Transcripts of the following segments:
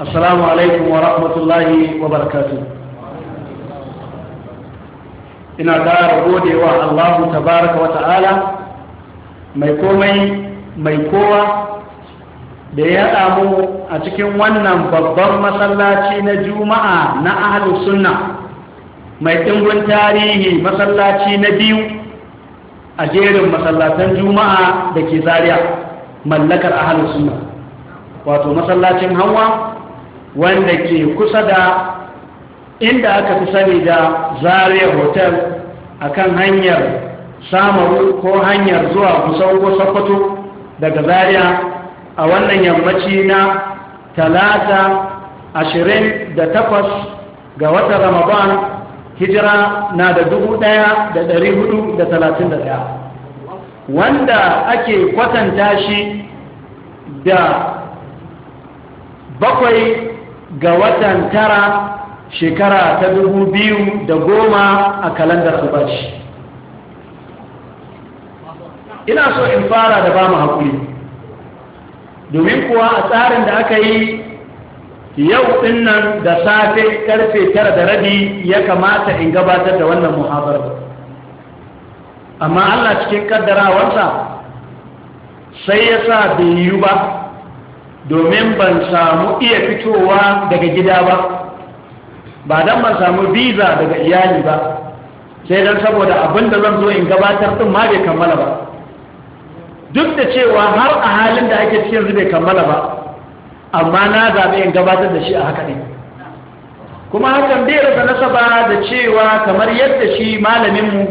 assalamu alaikum wa rahmatullahi wa barakatu ina ƙara godewa allahu tabaraka wa ta'ala mai komai mai kowa da ya damu a cikin wannan babban masallaci na juma'a na ahalus sunna mai ɗimbin tarihi masallaci na biyu a jerin masallatan juma'a da ke zariya mallakar ahalus sunna wato masallacin hawa wanda ke kusa da inda aka fi sani da zariya hotel a kan hanyar samaru ko hanyar zuwa kusan ko sokoto daga zariya a wannan yammaci na talata ashirin da takwas ga wata ramadan hijira na da dubu ɗaya da ɗari hudu da talatin da ɗaya wanda ake kwatanta shi da bakwai ga watan tara shekara ta dubu biyu da goma a kalandar albashi ina so in fara da ba mu haƙuri domin kuwa a tsarin da aka yi yau dinnan da safe karfe tara da rabi ya kamata in gabatar da wannan muhabar amma allah cikin kaddarawarsa sai ya sa bai yiwu ba domin ban samu iya fitowa daga gida ba ba don ban samu visa daga iyali ba sai don saboda abin da zan zo in gabatar din ma bai kammala ba duk da cewa har a halin da ake cikin zube kammala ba amma na zaɓe in gabatar da shi a haka ne kuma hakan bai rasa nasaba da cewa kamar yadda shi malamin mu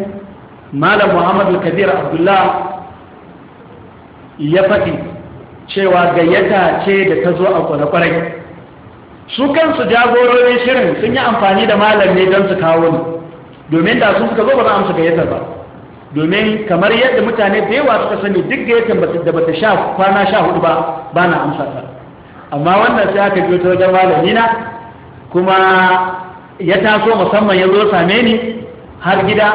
malam muhammadu kabir abdullah ya faɗi cewa gayyata ce da ta zo a kwanakwarai su kansu jagororin shirin sun yi amfani da malam ne don su kawo ni domin da sun suka zo ba za amsa gayyatar ba domin kamar yadda mutane da yawa suka sani duk gayyatar da bata sha kwana sha hudu ba ba na amsa ta amma wannan sai aka biyo ta wajen malami na kuma ya taso musamman ya zo same ni har gida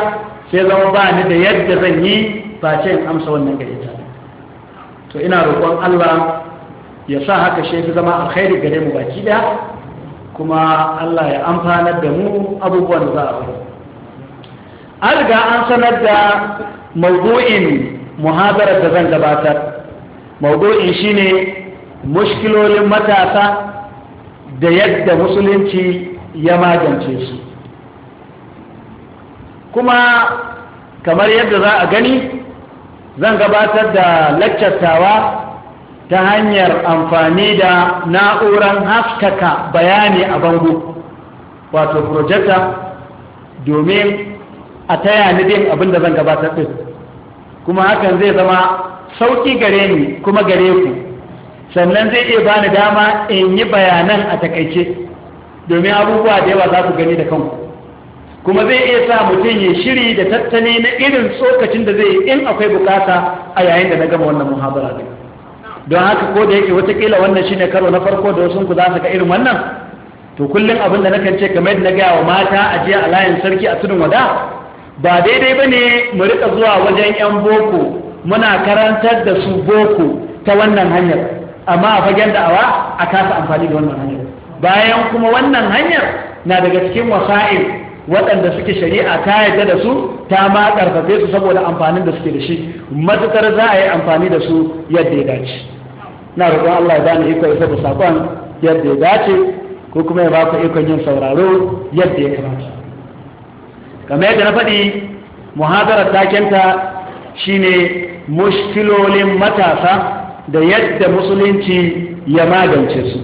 sai zama ba ni da yadda zan yi ba ce in amsa wannan gayyata to ina roƙon Allah ya sa haka shi zama alkhairi gare mu baki da kuma Allah ya amfanar da mu abubuwan da za a faru an riga an sanar da mawdu'in muhazarar da zan gabatar mawdu'in shine mushkilolin matasa da yadda musulunci ya magance su kuma kamar yadda za a gani zan gabatar da lakcattawa ta hanyar amfani da na'uran haskaka bayani a bango wato projector domin a taya ni din abin da zan gabatar din kuma hakan zai zama sauƙi gare ni kuma gare ku sannan zai iya bani dama in yi bayanan a takaice domin abubuwa da yawa za ku gani da kanku kuma zai iya sa mutum ya shiri da tattali na irin tsokacin da zai in akwai bukata a yayin da na gama wannan muhabara ne don haka ko da yake watakila wannan shi ne karo na farko da wasu ku za su ga irin wannan to kullum abin da nakan ce kamar na gaya wa mata a jiya a layin sarki a tudun wada ba daidai ba ne mu riƙa zuwa wajen yan boko muna karantar da su boko ta wannan hanyar amma a fagen da'awa a kasa amfani da wannan hanyar bayan kuma wannan hanyar na daga cikin wasa'il waɗanda suke shari'a ta yadda da su ta ma ƙarfafe su saboda amfanin da suke da shi matuƙar za a yi amfani da su yadda ya dace na roƙon Allah ya bani iko isa da saƙon yadda ya dace ko kuma ya baku ikon yin sauraro yadda ya kamata kamar yadda na faɗi muhadarar takenta shine mushkilolin matasa da yadda musulunci ya magance su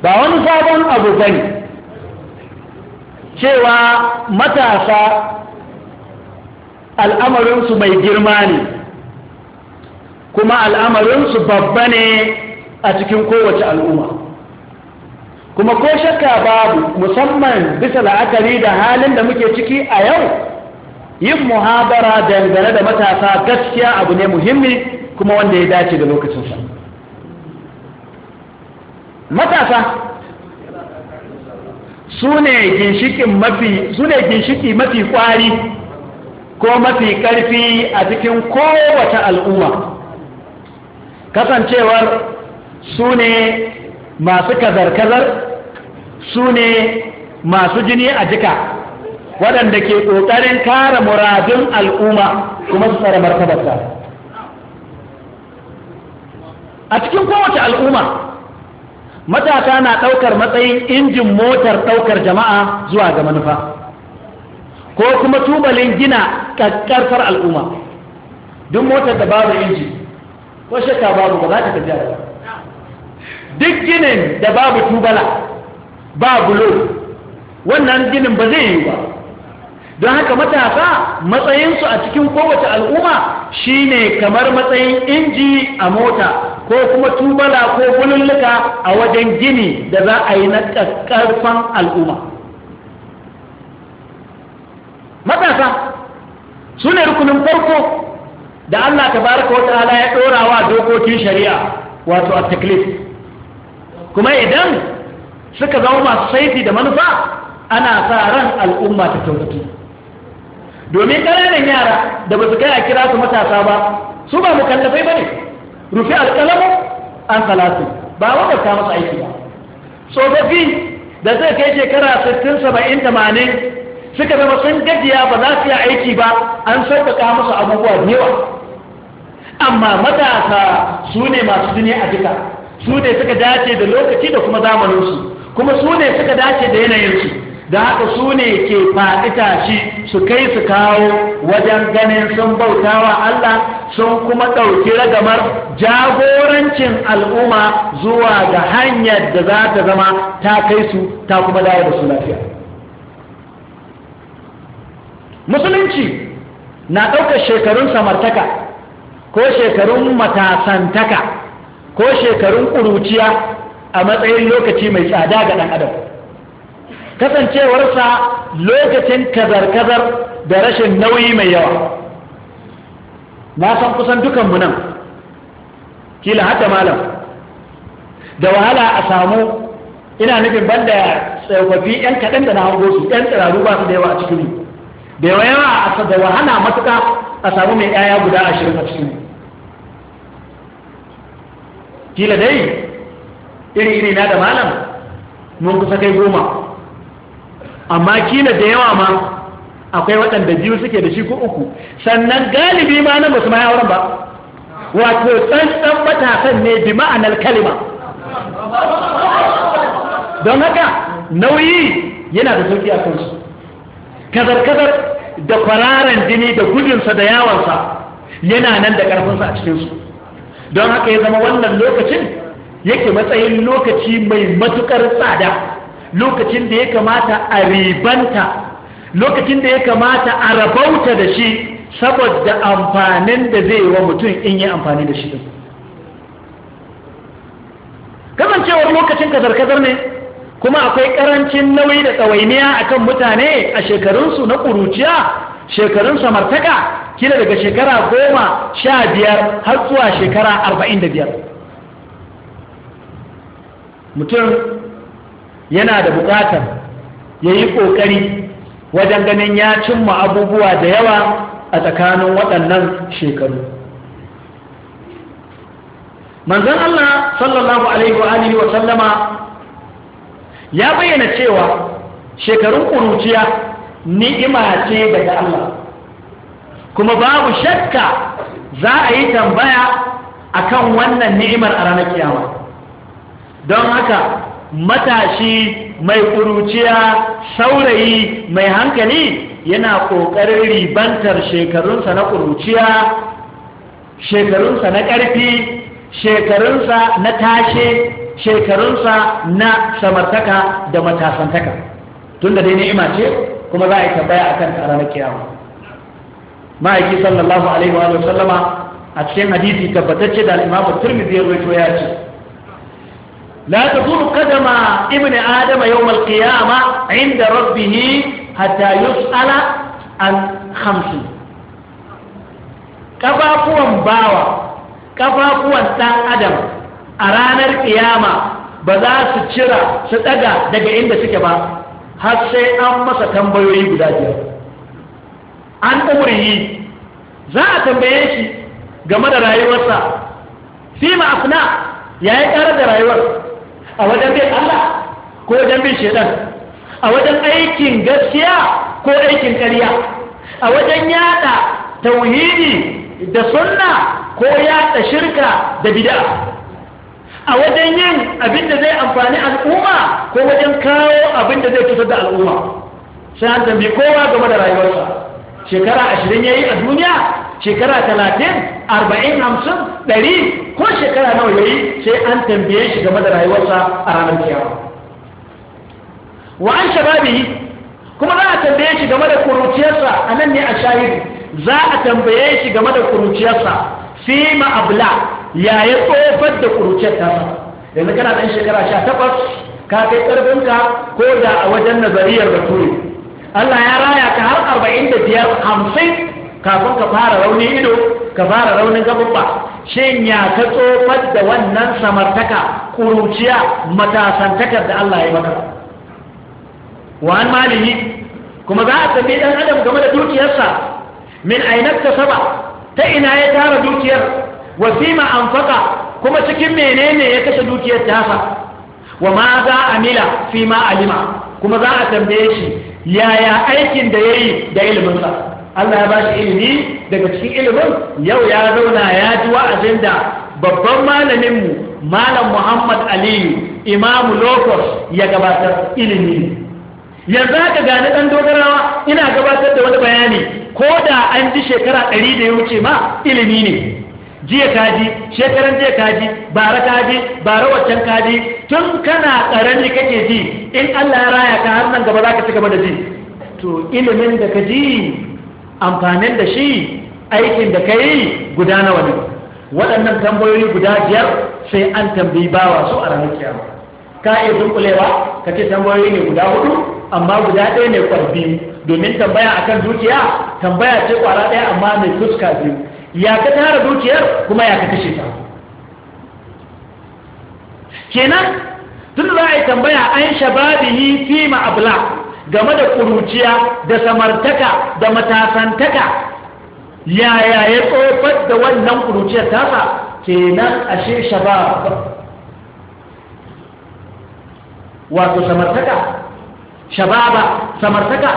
ba wani sabon abu bane cewa matasa al'amarinsu mai girma ne kuma al'amarinsu babba ne a cikin kowace al'umma kuma ko shakka babu musamman bisa la'akari da halin da muke ciki a yau yin muhabara dangane da matasa gaskiya abu ne muhimmi kuma wanda ya dace da lokacinsa matasa su ne ginshiƙi mafi ginshiki mafi kwari ko mafi karfi a cikin kowace al'umma kasancewar su ne masu kazar-kazar su ne masu jini a jika waɗanda ke ƙoƙarin kare muradun al'umma kuma su tsara martabarta a cikin kowace al'umma matasa na ɗaukar matsayin injin motar ɗaukar jama'a zuwa ga manufa ko kuma tubalin gina ƙarfar al'umma duk motar da babu inji ko shakka babu ba za ta tafiya ba duk ginin da babu tubala ba bulo wannan ginin ba zai yi ba don haka matasa matsayinsu a cikin kowace al'umma shine kamar matsayin inji a mota ko kuma tubala ko bululluka a wajen gini da za a yi na ƙarfan al'umma matasa su ne rukunin farko da Allah tabaraka wata ala ya ɗora wa dokokin shari'a wato a kuma idan suka zama masu saifi da manufa ana sa ran al'umma ta kyautatu domin ƙananan yara da ba su kai a kira su matasa ba su ba mukallafai ba ne rufe alƙalamu an salatu ba wanda ta masa aiki ba tsofaffi da zai kai shekara 60 70 80 suka zama sun gajiya ba za su yi aiki ba an sauƙaƙa musu abubuwa da yawa amma matasa su ne masu jini a duka su ne suka dace da lokaci da kuma zamaninsu kuma su ne suka dace da yanayinsu da haka su ne ke faɗi tashi su kai su kawo wajen ganin sun bautawa Allah sun kuma ɗauki ragamar jagorancin al'umma zuwa ga hanyar da za ta zama ta kai su ta kuma dawo da su lafiya musulunci na ɗaukar shekarun samartaka ko shekarun matasantaka ko shekarun ƙuruciya a matsayin lokaci mai tsada ga ɗan adam kasancewarsa lokacin kazar-kazar da rashin nauyi mai yawa na san kusan dukanmu nan kila hada malam da wahala a samu ina nufin banda tsofaffi 'yan kaɗan da na hango su 'yan tsararru ba su da yawa a cikin da yawa yawa da wahala matuka a samu mai ɗaya guda ashirin a cikin kila dai iri-iri na da malam mun kusa kai goma amma kila da yawa ma akwai waɗanda biyu suke da shi ko uku sannan galibi ma na musu mai auren ba wato tsantsan matasan ne bi ma'anar kalima don haka nauyi yana da sauki a kansu kazar-kazar da kwararan jini da gudunsa da yawansa yana nan da ƙarfinsa a cikinsu don haka ya zama wannan lokacin yake matsayin lokaci mai matukar tsada lokacin da ya kamata a ribanta lokacin da ya kamata a rabauta da shi saboda amfanin da zai wa mutum in yi amfani da shi ɗin kasancewar lokacin kazar-kazar ne kuma akwai ƙarancin nauyi da tsawainiya a kan mutane a shekarunsu na ƙuruciya shekarun samartaka kila daga shekara goma sha biyar har zuwa shekara arba'in da biyar mutum yana da buƙatar ya yi ƙoƙari wajen ganin ya cimma abubuwa da yawa a tsakanin waɗannan shekaru manzon Allah sallallahu alaihi wa wa sallama ya bayyana cewa shekarun ƙuruciya ni'ima ce daga Allah kuma babu shakka za a yi tambaya akan wannan ni'imar a ranar ƙiyama, don haka matashi mai ƙuruciya saurayi mai hankali yana ƙoƙarin ribantar shekarunsa na ƙuruciya shekarunsa na ƙarfi shekarunsa na tashe shekarunsa na samartaka da matasantaka tun da dai ni'ima ce kuma za a yi tambaya akan ta ranar kiyama ma'aiki sallallahu alaihi wa sallama a cikin hadisi tabbatacce da al'imamu turmizi ya ya ce لا تزول قدم ابن آدم يوم القيامة عند ربه حتى يسأل عن خمس كفافوا باوا كفافوا سان آدم أرانا القيامة بذا ستشرا ستأجا دقى عند سكبا هسي أما يريب بذاتيا عن أمره za a tambaye shi game da rayuwarsa fi ma'afna ya yi ƙarar da rayuwar a wajen bin Allah ko wajen bin shaidan a wajen aikin gaskiya ko aikin ƙarya a wajen yada tauhidi da sunna ko yada shirka da bid'a a wajen yin abin da zai amfani al'umma ko wajen kawo abin da zai cutar da al'umma sai an zambi kowa game da rayuwarsa shekara ashirin ya yi a duniya shekara talatin arba'in hamsin ɗari ko shekara nawa ya yi sai an tambaye shi game da rayuwarsa a ranar kiyawa wa an shababi kuma za a tambaye shi game da kuruciyarsa a nan ne a shahidi za a tambaye shi game da kuruciyarsa fi ma'abla ya yi tsofar da kuruciyar tasa yanzu kana ɗan shekara sha takwas ka kai ƙarfinka ko da a wajen nazariyar bature Allah ya raya ka har arba'in da biyar hamsin kafin ka fara raunin ido ka fara raunin gababba shin ya ka tsofar da wannan samartaka ƙuruciya matasantakar da Allah ya maka wa an malihi kuma za a tafi ɗan adam game da dukiyarsa min ainar ta saba ta ina ya tara dukiyar wasima an faka kuma cikin menene ya kashe dukiyar tasa wa ma za a mila fi ma alima kuma za a tambaye shi yaya aikin da ya yi da iliminsa Allah ya bashi ilimi daga cikin ilimin yau ya zauna ya ji wa'azin da babban malamin mu malam Muhammad Aliyu imamu Lokos ya gabatar ilimi yanzu haka gani dan dogarawa ina gabatar da wani bayani ko da an ji shekara ɗari da ya wuce ma ilimi ne jiya kaji shekaran jiya kaji bara kaji bara waccan kaji tun kana ƙarami kake ji in Allah ya raya ka har nan gaba za ka ci gaba da ji to ilimin da ka ji amfanin da shi aikin da ka yi guda nawa ne waɗannan tambayoyi guda biyar sai an tambayi bawa su a ranar kiyama ka iya dunkulewa ka ce tambayoyi ne guda hudu amma guda ɗaya ne kwarbi domin tambaya akan dukiya tambaya ce kwara ɗaya amma mai fuska biyu ya ka tara dukiyar kuma ya ka kashe ta kenan tun za a yi tambaya an shababihi fi abla game da ƙuruciya da samartaka da matasantaka yaya ya tsofar da wannan ƙuruciyar tasa kenan ashe shabab wato samartaka shababa samartaka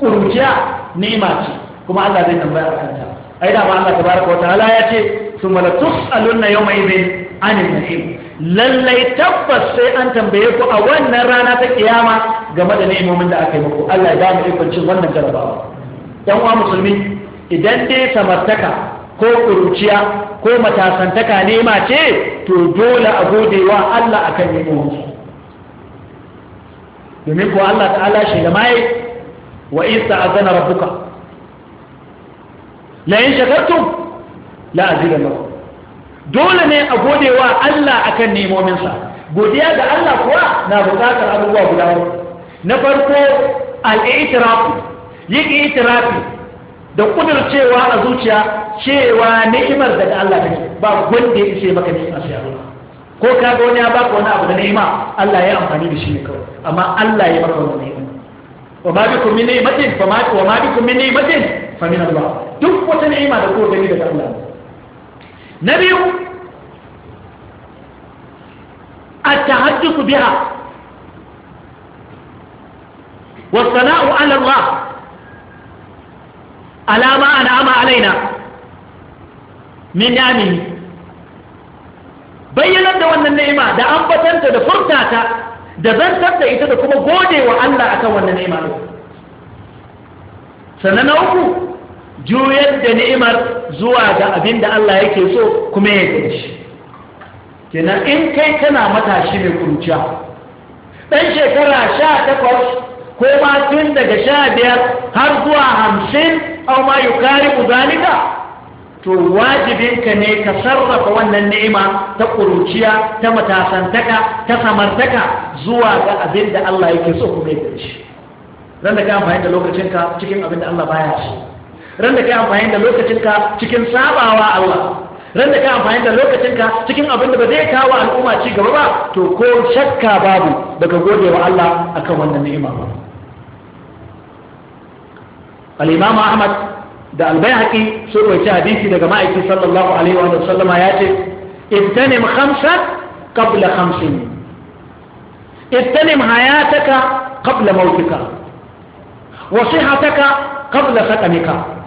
ƙuruciya ni'ima ce kuma Allah zai tambaya a kanta ai da ma Allah tabaraka wata ala ya ce Su luna la tus'alunna yawma idhin 'anil na'im lallai tabbas sai an tambaye ku a wannan rana ta kiyama game da ni'imomin da aka yi muku Allah ya mu ikon cin wannan jarabawa yan uwa musulmi idan dai samartaka ko kuruciya ko matasantaka nema ce to dole a gode wa Allah akan ni'imomin domin ko Allah ta'ala shi da mai wa in ta'azana rabbuka la in shakartum la azidannakum dole ne a godewa Allah akan nemominsa godiya ga Allah kuwa na buƙatar abubuwa guda na farko al'itirafi yin itirafi da kudurcewa a zuciya cewa ni'imar daga Allah ke. ba gwanda ya ce maka ni'imar sai Allah ko ka ga wani ya baka wani abu da ni'ima Allah ya amfani da shi ne kawai amma Allah ya maka wani ni'ima wa ma bikum min ni'matin fa ma wa ma bikum min ni'matin fa min Allah duk wata ni'ima da ko gani daga Allah na biyu التحدث بها والثناء على الله على ما أنعم علينا من نعمه bayyanar da wannan ni'ima da ambatanta da furtata da zantar da ita da kuma gode wa Allah akan wannan ni'ima sannan na uku juyar da ni'imar zuwa ga abin da Allah yake so kuma ya gaji kenan in kai kana matashi mai kuruciya ɗan shekara sha takwas ko ma tun daga sha biyar har zuwa hamsin au ma yukari uzalika to wajibinka ne ka sarrafa wannan ni'ima ta kuruciya ta matasantaka ta samartaka zuwa ga abin da Allah yake so kuma ya gaji zan da ka amfani da lokacinka cikin abin da Allah baya so ran da kai amfani da lokacinka cikin sabawa Allah ran da kai amfani da lokacinka cikin abin da ba zai kawo al'umma ci gaba ba to ko shakka babu daga gode wa Allah akan wannan ni'ima ba al-imam Ahmad da al-Baihaqi sun rawaita hadisi daga ma'aiki sallallahu alaihi wa sallama ya ce ibtanim khamsan qabla khamsin ibtanim hayataka qabla mautika wa sihhataka qabla sakamika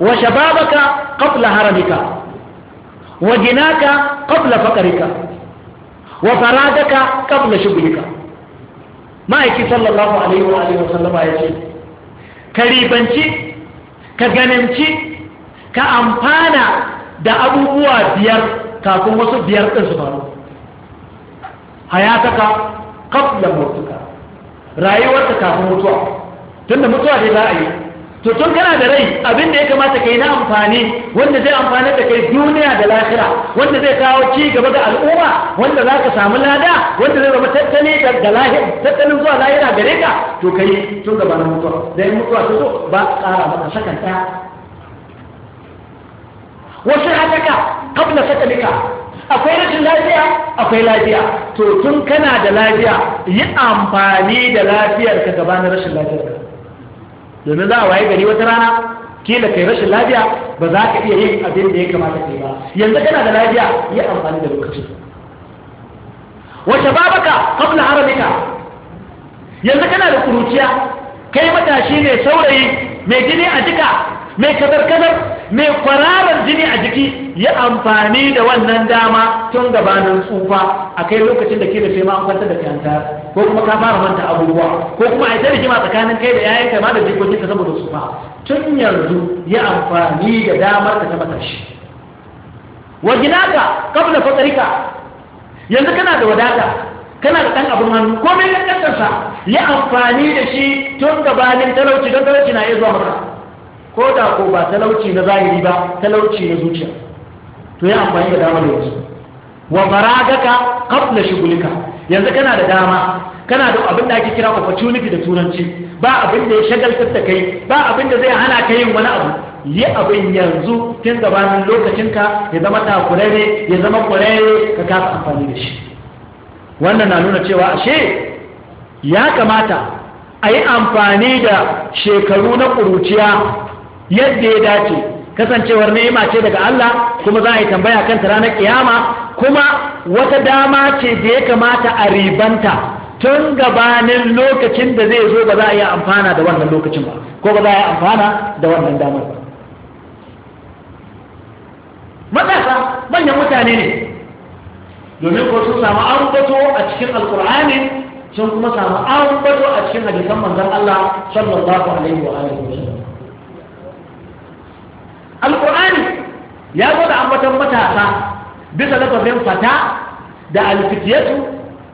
wa shababaka qabla haramika wa jinaka qabla faqrika wa faradaka qabla shughika ma'aiki sallallahu alaihi wa alihi wasallama ka ribanci ka gananci ka amfana da abubuwa biyar kafin wasu biyar ɗin su faru hayataka qabla mutuka rayuwarta kafin mutuwa tunda mutuwa dai za a yi to tun kana da rai abin da ya kamata kai na amfani wanda zai amfani da kai duniya da lahira wanda zai kawo ci gaba ga al'umma wanda za ka samu lada wanda zai zama tattali da lahira tattalin zuwa lahira gare ka to kai tun gaba na mutuwa da yin mutuwa ta zo ba ƙara maka sakan ɗaya wasu hataka kabla sakalika akwai rashin lafiya akwai lafiya to tun kana da lafiya yi amfani da lafiyarka gaba na rashin lafiyarka domin za a waye gari wata rana kila kai rashin lafiya ba za ka iya yin abin da ya kamata kai ba yanzu kana da lafiya yi amfani da lokaci wata babaka kafin haramika yanzu kana da kuruciya kai matashi ne saurayi mai gini a jika mai kazar kazar mai kwararar jini a jiki ya amfani da wannan dama tun gabanin tsufa a kai lokacin da ke da shema an kwanta da kyanta ko kuma ka fara manta abubuwa ko kuma a yi ma tsakanin kai da yayin kai ma da jikokin ka saboda tsufa tun yanzu ya amfani da damar ka ta shi wa jinaka kabla fatarika yanzu kana da wadata kana da ɗan abin hannu komai na ƙasarsa ya amfani da shi tun gabanin talauci don talauci na iya zuwa maka ko da ko ba talauci na zahiri ba talauci na zuciya to yi amfani da dama da yanzu wa faragaka qabla shugulika yanzu kana da dama kana da abin da ake kira opportunity da turanci ba abin da ya shagaltar da kai ba abin da zai hana ka yin wani abu yi abin yanzu tun gabanin lokacinka ya zama takurare ya zama kurare ka kasa amfani da shi wannan na nuna cewa ashe ya kamata a yi amfani da shekaru na ƙuruciya yadda ya dace kasancewar nema ce daga Allah kuma za a yi tambaya kan ta ranar kiyama kuma wata dama ce da ya kamata a ribanta tun gabanin lokacin da zai zo ba za a yi amfana da wannan lokacin ba ko ba za a yi amfana da wannan damar ba matasa manyan mutane ne domin ko sun samu ambato a cikin alkur'ani sun kuma samu ambato a cikin hadisan manzon Allah sallallahu alaihi wa alihi alƙur'ani ya zo da ambatan matasa bisa lafafin fata da alfitiyatu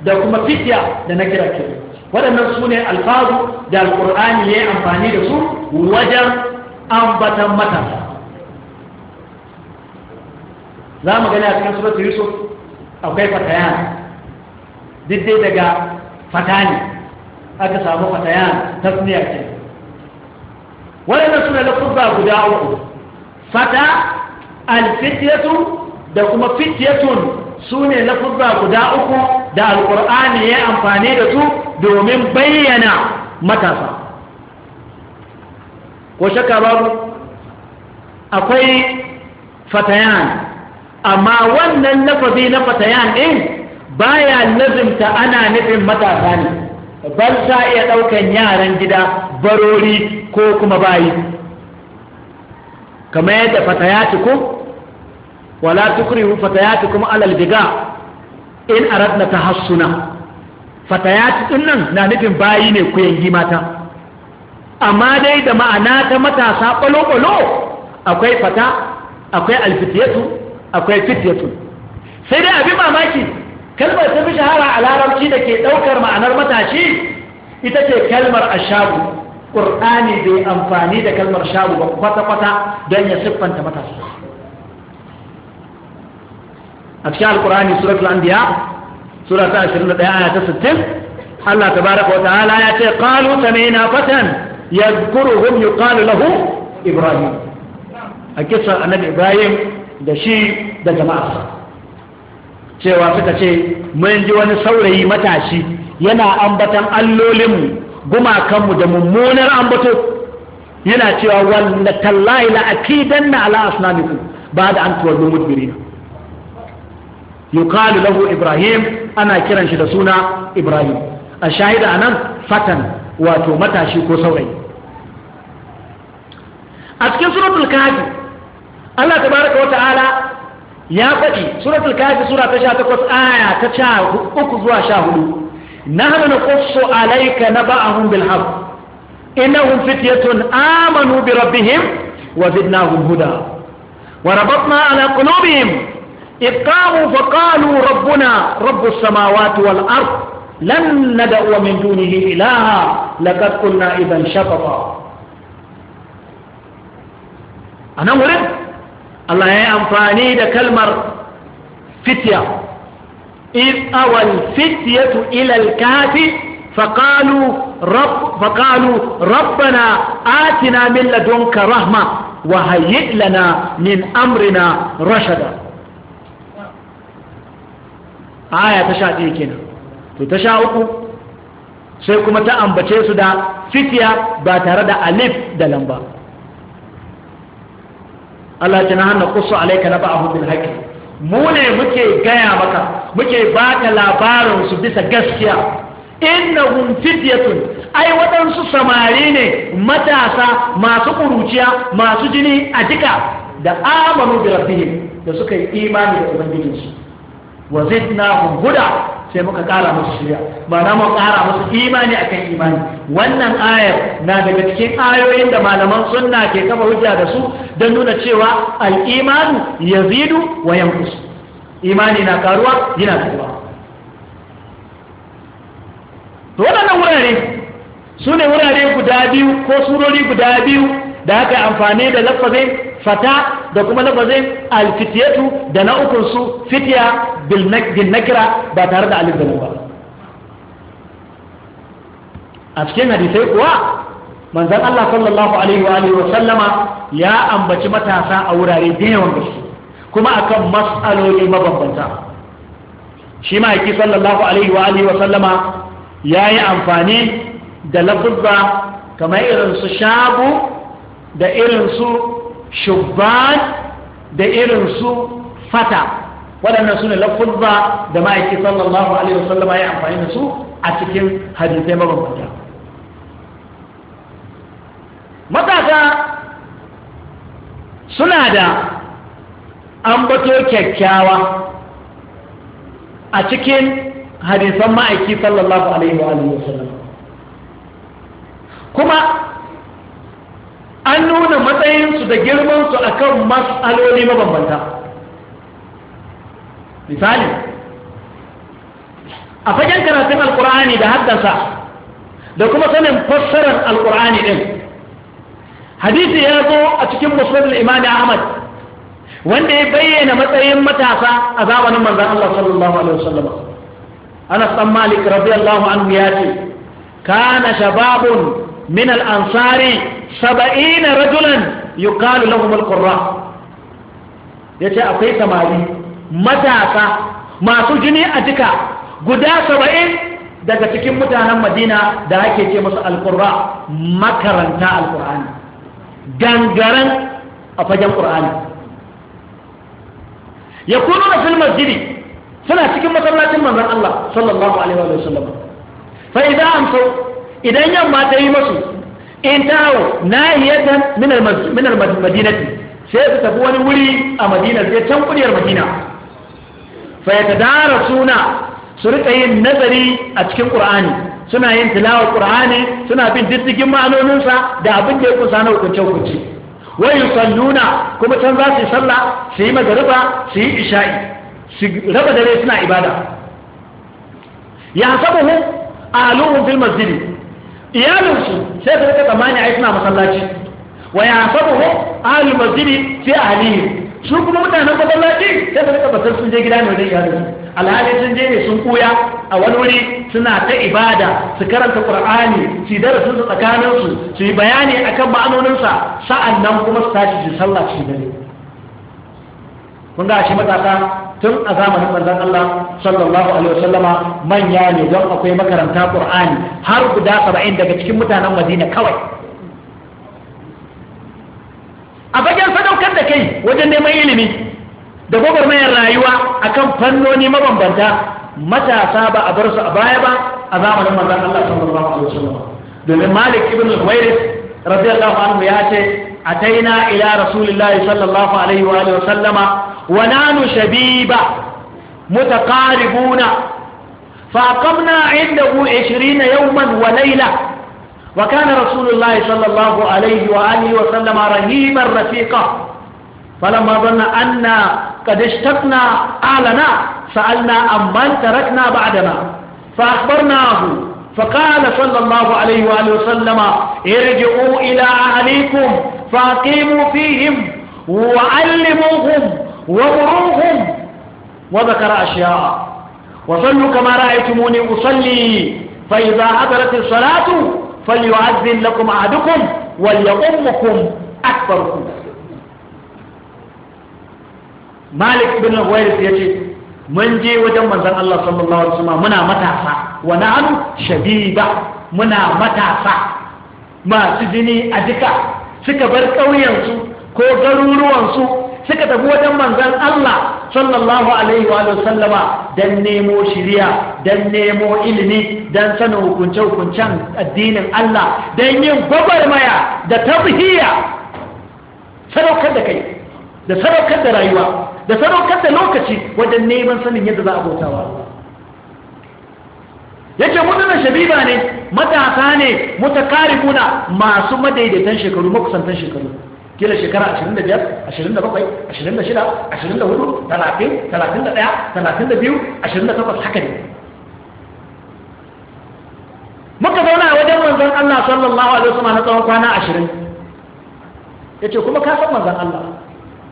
da kuma fitiya da na kira kira waɗannan su ne alfazu da alƙur'ani ya yi amfani da su wajen ambatan matasa za mu gani a cikin suratul yusuf akwai fatayan duk dai daga fatani aka samu fatayan tasniya ce waɗannan suna lafuzza guda uku fata alfitiyatu da kuma fitiyatun su ne na fuzza guda uku da alkur'ani ya amfani da su domin bayyana matasa ko shakka babu akwai fatayan amma wannan lafazi na fatayan ɗin baya lazimta ana nufin matasa ne bal sa iya ɗaukan yaran gida barori ko kuma bayi kamar yadda fatayatikum wala tukrihu fatayatikum alal biga in aradna tahassuna fatayati ɗin nan na nufin bayi ne ku yangi mata amma dai da ma'ana ta matasa kwalo-kwalo akwai fata akwai alfitiyatu akwai fitiyatu sai dai abin mamaki kalmar ta fi shahara a larabci da ke ɗaukar ma'anar matashi ita ce kalmar ashabu ƙur'ani bai amfani da kalmar shago ba kwata-kwata don ya siffanta matasa a cikin alƙur'ani suratul anbiya sura ta 21 aya ta 60 Allah tabaraka wa ta'ala ya ce qalu sami'na fatan yadhkuruhum yuqalu lahu ibrahim a kisan annabi ibrahim da shi da jama'a cewa suka ce mun ji wani saurayi matashi yana ambatan allolinmu gumakanmu da mummunar ambato yana cewa wanda tallahi la akidanna ala asnamikum ba da an tuwallu mudbirina yuqalu lahu ibrahim ana kiran shi da suna ibrahim a shahida anan fatan wato matashi ko saurayi a cikin suratul kafi Allah tabaraka wa ta'ala ya faɗi suratul kafi sura ta 18 aya ta 3 zuwa 14 نحن نقص عليك نبأهم بالحق إنهم فتية آمنوا بربهم وزدناهم هدى وربطنا على قلوبهم إذ قاموا فقالوا ربنا رب السماوات والأرض لن ندعو من دونه إلها لقد كنا إذا شططا أنا مريض الله يا أنفاني ده كلمة فتية isawal fitiyatu ilal kafi faƙalu rab faƙalu rabbana atina min ladunka rahma wa hayyid lana min amrina rashada aya ta sha ɗaya to ta uku sai kuma ta ambace su da fitiya ba tare da alif da lamba Allah kana hanna qussu alayka naba'ahu bil hakim mu ne muke gaya maka muke baka labarin su bisa gaskiya innahum fityatun ai waɗansu samari ne matasa masu ƙuruciya masu jini a jika da amanu da rabbihim da suka yi imani da ubangijinsu wa zidnahum huda sai muka ƙara musu shirya ba na mu ƙara musu imani akan imani wannan ayar na daga cikin ayoyin da malaman sunna ke kafa hujja da su don nuna cewa al'imanu yazidu wa yanqus imani na karuwa yana karuwa to wannan wurare su ne wurare guda biyu ko surori guda biyu da haka amfani da lafazin fata da kuma lafazin alfitiyatu da na ukunsu fitiya bin ba tare da alif ba a cikin hadisai kuwa manzan Allah sallallahu alaihi wa wa sallama ya ambaci matasa a wurare da yawan gaske kuma akan mas'aloli mabambanta shi ma sallallahu alaihi wa wa sallama amfani da lafuzza kamar irin su shabu da irinsu shubban da irinsu fata waɗannan su ne lafuzza da ma'aiki sallallahu alaihi wasallama ya amfani da su a cikin hadisai mabambanta matasa suna da ambato kyakkyawa a cikin hadisan ma'aiki sallallahu alaihi wasallama kuma an nuna matsayinsu da girmansu a kan matsaloli mabambanta misali a fagen karatun alkur'ani da haddasa da kuma sanin fassarar alkur'ani ɗin hadisi ya zo a cikin musulun imani ahmad wanda ya bayyana matsayin matasa a zamanin manzan Allah sallallahu alaihi wasallam Anas dan Malik radiyallahu anhu ya ce kana shababun min al-ansari saba'ina rajulan yuqalu lahum alqurra yace akwai samari matasa masu jini a jika guda saba'in daga cikin mutanen Madina da ake ce masu alqurra makaranta alqur'ani Gangaren a fagen qur'ani yakununa fil masjidi suna cikin masallacin manzan Allah sallallahu alaihi wa sallam fa idan idan yamma ta yi masu in tawo nahiyatan min min al-madinati sai su tafi wani wuri a madina sai can kuriyar madina fa ya suna su rika yin nazari a cikin qur'ani suna yin tilawar qur'ani suna bin diddigin ma'anoninsa da abin da ya kusa na hukunce hukunce wai nuna kuma can za su yi sallah su yi magariba su yi isha'i su raba dare suna ibada ya a aluhum fil masjidi iyalinsu sai su rika tsammani ai suna masallaci wa ya sabu ho ahlul masjidi fi ahlihi su kuma mutanen masallaci sai su rika basar sun je gida ne wajen iyalinsu alhali sun je ne sun kuya a wani wuri suna ta ibada su karanta ƙur'ani, su darasin su tsakaninsu su yi bayani akan ma'anoninsa nan kuma su tashi su sallah su dare kun ga shi matasa tun a zamanin manzon Allah sallallahu alaihi wasallama manya ne don akwai makaranta Qur'ani har guda 70 daga cikin mutanen Madina kawai a bakin sadaukar da kai wajen neman ilimi da gwagwarmayar rayuwa akan fannoni mabambanta matasa ba a bar su a baya ba a zamanin manzon Allah sallallahu alaihi wasallama domin Malik ibn Huwairis radiyallahu anhu ya ce أتينا إلى رسول الله صلى الله عليه وآله وسلم ونان شبيبة متقاربون فأقمنا عنده عشرين يوما وليلة وكان رسول الله صلى الله عليه وآله وسلم رهيبا رفيقا فلما ظن أنا قد اشتقنا آلنا سألنا عمن تركنا بعدنا فأخبرناه فقال صلى الله عليه وآله وسلم ارجعوا إلى أهليكم فأقيموا فيهم وعلموهم ومروهم وذكر أشياء وصلوا كما رأيتموني أصلي فإذا حضرت الصلاة فليعذن لكم أحدكم وليؤمكم أكبركم مالك بن الغويرس يجي من جي wajen الله صلى الله alaihi الله muna matasa wa na'anu shabiba muna matasa masu ما a أدكا suka bar ƙauyensu ko garuruwansu suka tafi wajen manzan Allah sallallahu alaihi wa sallama don nemo shiriya don nemo ilimi don sanin hukunce-hukuncen addinin Allah don yin gwagwarmaya da tabhiyya sadaukar da kai da sadaukar da rayuwa da sadaukar da lokaci wajen neman sanin yadda za a bautawa yake mutunan shabiba ne matasa ne mutakaribuna masu madaidaitan shekaru makusantan shekaru kila shekara 25 27 26 24 30 31 32 28 haka ne muka zauna a wajen manzan Allah sallallahu alaihi wasallam na tsawon kwana 20 yace kuma ka san manzan Allah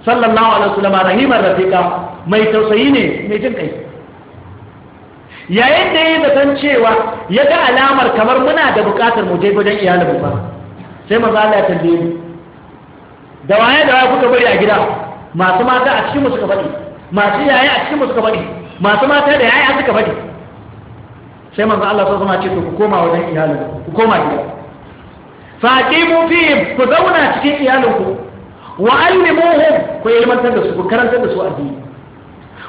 sallallahu alaihi wasallam rahimar rafiqa mai tausayi ne mai jin kai yayin da ya zaton cewa ya ga alamar kamar muna da bukatar mu je wajen iyalinmu ba sai manzo Allah ya tambaye mu da waye da waye kuka bari a gida masu mata a cikin mu suka bari masu yaye a cikin mu suka bari masu mata da yaye suka bari sai manzo Allah sai kuma ce to ku koma wajen iyalinku ku koma gida fa aqimu fihim ku zauna cikin iyalinku wa allimuhum ku ilmantar da su ku karantar da su addini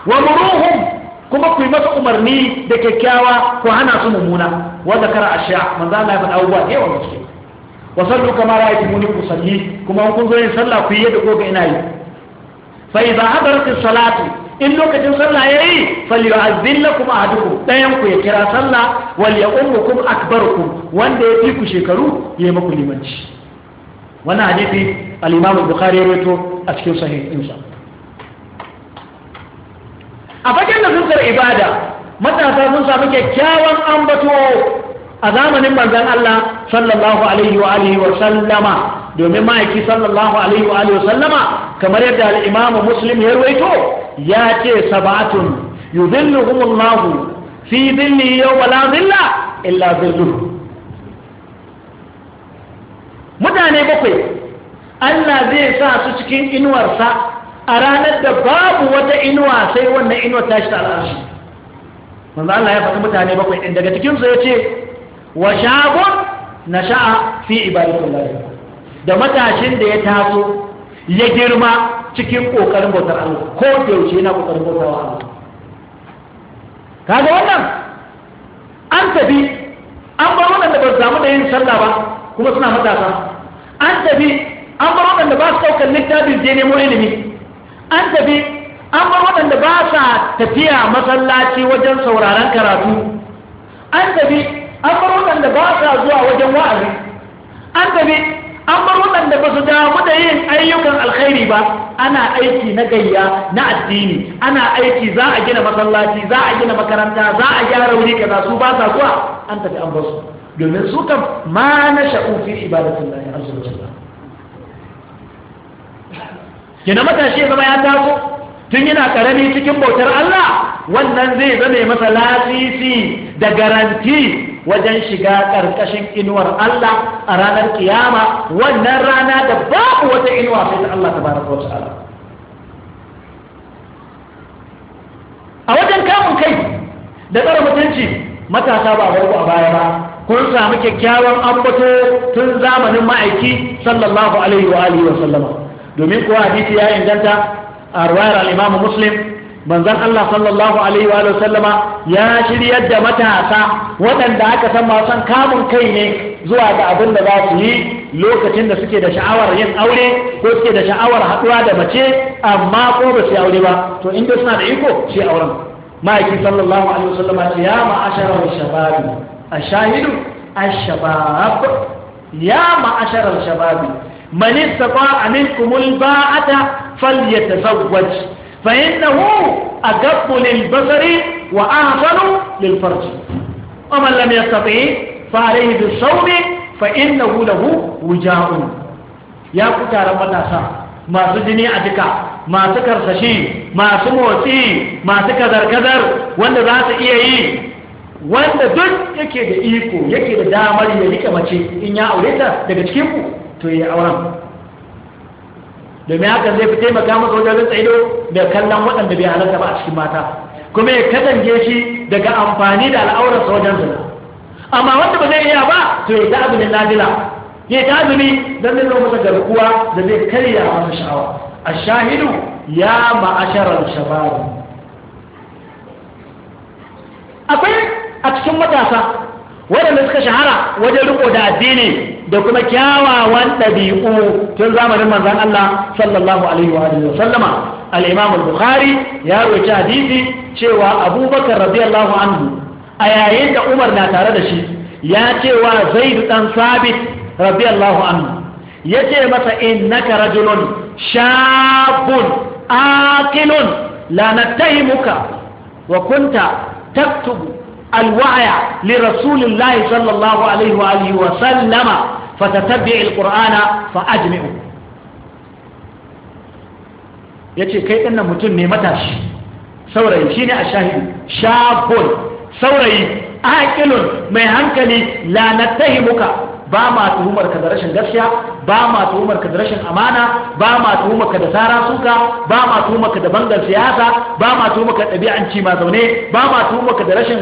wa muruhum kuma ku yi masa umarni da kyakkyawa ku hana su mummuna wanda kara sha manzo Allah ya faɗa abubuwa da yawa gaske wa sallu kama ku usalli kuma kun zo yin sallah ku yi yadda ko ina yi fa idza hadaratis salatu in lokacin sallah yayi falyu'azzin lakum ahadukum dayan ku ya kira sallah wal ya'umukum akbarukum wanda ya fi ku shekaru ya maku limanci wannan hadisi al-Imam Bukhari ya rawaito a cikin sahihinsa a fagen da sun ibada matasa sun samu kyakkyawan ambato a zamanin manzan Allah sallallahu alaihi wa alihi wa sallama domin ma'aiki sallallahu alaihi wa alihi wa sallama kamar yadda al-Imam Muslim ya rawaito ya ce sab'atun yudhilluhumullahu fi dhilli yawma la dhilla illa dhilluhu mutane bakwai Allah zai sa su cikin inuwarsa a ranar da babu wata inuwa sai wannan inuwa ta shi ta al'arshi manzo Allah ya faɗi mutane bakwai ɗin daga cikinsu ya ce wa shagon na sha'a fi ibadatun da matashin da ya taso ya girma cikin ƙoƙarin bautar Allah ko da yaushe yana ƙoƙarin bautar Allah kaga wannan an tafi an bar da ba su samu da yin sallah ba kuma suna matasa an tafi an bar da ba su ɗaukar littafin je nemo ilimi an tafi an bar waɗanda ba sa tafiya masallaci wajen sauraron karatu an tafi an bar waɗanda ba sa zuwa wajen wa'azi an tafi an bar waɗanda ba su damu da yin ayyukan alkhairi ba ana aiki na gayya na addini ana aiki za a gina masallaci za a gina makaranta za a gyara wuri kaza su ba sa zuwa an tafi an bar su domin su kam ma na sha'u fi ibadatin lahi azza Yana matashi zama ya taso tun yana karami cikin bautar Allah wannan zai zame masa lasisi da garanti wajen shiga ƙarƙashin inuwar Allah a ranar kiyama wannan rana da babu wata inuwa sai ta Allah ta baraka wata ta'ala a wajen kamun kai da tsara mutunci matasa ba barku a baya ba kun samu kyakkyawan ambato tun zamanin ma'aiki sallallahu alaihi wa alihi wa sallama domin kuwa hadisi ya inganta a ruwayar al'imamu muslim manzan Allah sallallahu alaihi wa sallama ya shiryar da matasa waɗanda aka san masan kamun kai ne zuwa ga abin da za su yi lokacin da suke da sha'awar yin aure ko suke da sha'awar haɗuwa da mace amma ko ba su aure ba to inda suna da iko shi auren ma'aiki sallallahu alaihi wa sallama ce ya ma'asharar shababi a shahidu a shabab ya ma'asharar shababi من استطاع منكم الباءة فليتزوج فإنه أجب للبصر وأحسن للفرج ومن لم يستطع فعليه بالصوم فإنه له وجاء يا كتار متاسا ما سجني أدكا ما تكرسشي ما سموتي ما تكذر كذر وأن ذات إيه wanda duk yake da iko yake da damar ya rike mace in ya aure ta daga cikin ku to ya auren domin haka zai fi taimaka masa wajen rinsa ido da kallon waɗanda bai halatta ba a cikin mata kuma ya kasance shi daga amfani da al'aurarsa wajen zina amma wanda ba zai iya ba to ya ta azumin nadila ya ta azumi don zai zama masa garkuwa da zai karya masa sha'awa a shahidu ya ma'asharar shabaru akwai a cikin matasa waɗanda suka shahara wajen riko da addini da kuma kyawawan ɗabi'u tun zamanin manzon Allah sallallahu alaihi wa alihi sallama al-Imam al-Bukhari ya rawaita hadisi cewa Abubakar radiyallahu anhu a yayin da Umar na tare da shi ya ce wa Zaid dan Sabit radiyallahu anhu yace masa innaka rajulun shabun aqilun la natahimuka wa kunta taktubu li لرسول الله صلى fatatabbi alqur'ana fa ajmi'u yace kai dinnan mutum ne matashi saurayi shine ashahidi shabun saurayi aqilun mai hankali la natahimuka ba ma tuhumar ka da rashin gaskiya ba ma tuhumar ka da rashin amana ba ma tuhumar ka da tsara suka ba ma tuhumar ka da bangar siyasa ba ma tuhumar ka ɗabi'an ci ma zaune ba ma tuhumar ka da rashin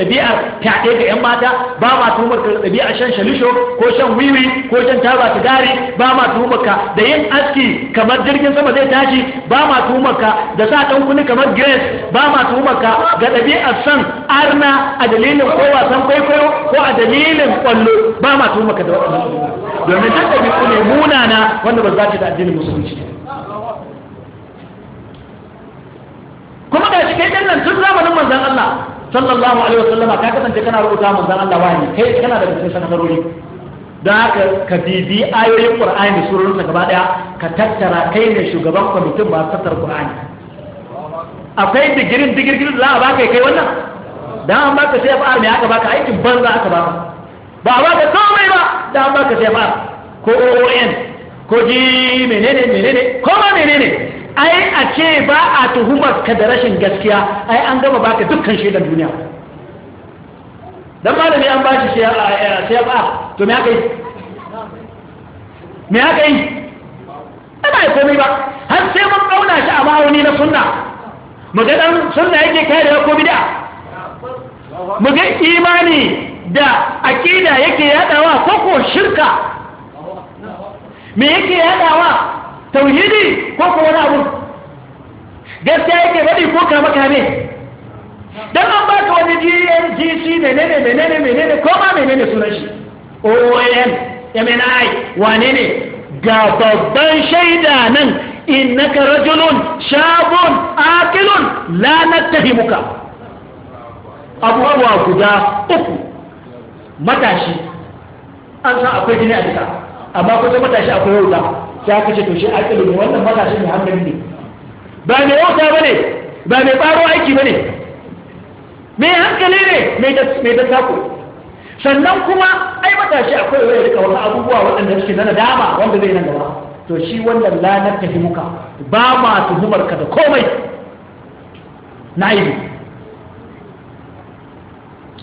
ɗabi'ar fyaɗe ga 'yan mata ba ma tuhumar ka da ɗabi'ar shan shalisho ko shan wiwi ko shan taba sigari ba ma tuhumar ka da yin aski kamar jirgin sama zai tashi ba ma tuhumar ka da sa ɗan kuni kamar grace ba ma tuhumar ka ga ɗabi'ar san arna a dalilin ko wasan kwaikwayo ko a dalilin kwallo ba ma tuhumar ka da waɗannan domin duk ɗabi'u ne munana wanda ba za ta da addinin musulunci kuma ga shi kai ɗan nan tun zamanin manzan Allah sallallahu alaihi wasallama ka kasance kana rubuta manzan Allah wani kai kana da cikin sanarori da haka ka bibi ayoyin ƙur'ani ta gaba ɗaya ka tattara kai ne shugaban kwamitin ba tattara qur'ani akwai digirin digirgirin da za a baka kai wannan Dan an baka sai fa'ar ne aka baka aikin banza aka baka ba ba ka komai ba da an baka sefa ko oon ko ji menene menene ko ma menene ai a ce ba a tuhumar ka da rashin gaskiya ai an gama baka dukkan shaidar duniya dan malami an ba shi sai ba to me haka yi me haka yi ana yi komai ba har sai mun kauna shi a ma'auni na sunna mu ga dan sunna yake kai da ko bid'a mu ga imani da aƙida yake yadawa ko shirka me yake yadawa tauhidi ko wani abu gaskiya yake faɗi ko kama kame don an ba ka wani gmgc menene menene menene ko ma menene sunan shi OOM mni wane ne ga babban shaida nan innaka rajulun shabun akilun la nattahimuka abubuwa guda uku matashi an san akwai jini a jika amma kusa matashi akwai wauta sai aka ce to shi aƙilu ne wannan matashi mai hankali ne ba mai wauta ba ne ba mai ɓaro aiki ba ne mai hankali ne mai da sako sannan kuma ai matashi akwai ya rika wasu abubuwa waɗanda suke na nadama wanda zai nan gaba to shi wannan lanar tafi muka ba ma tuhumar ka da komai na aibi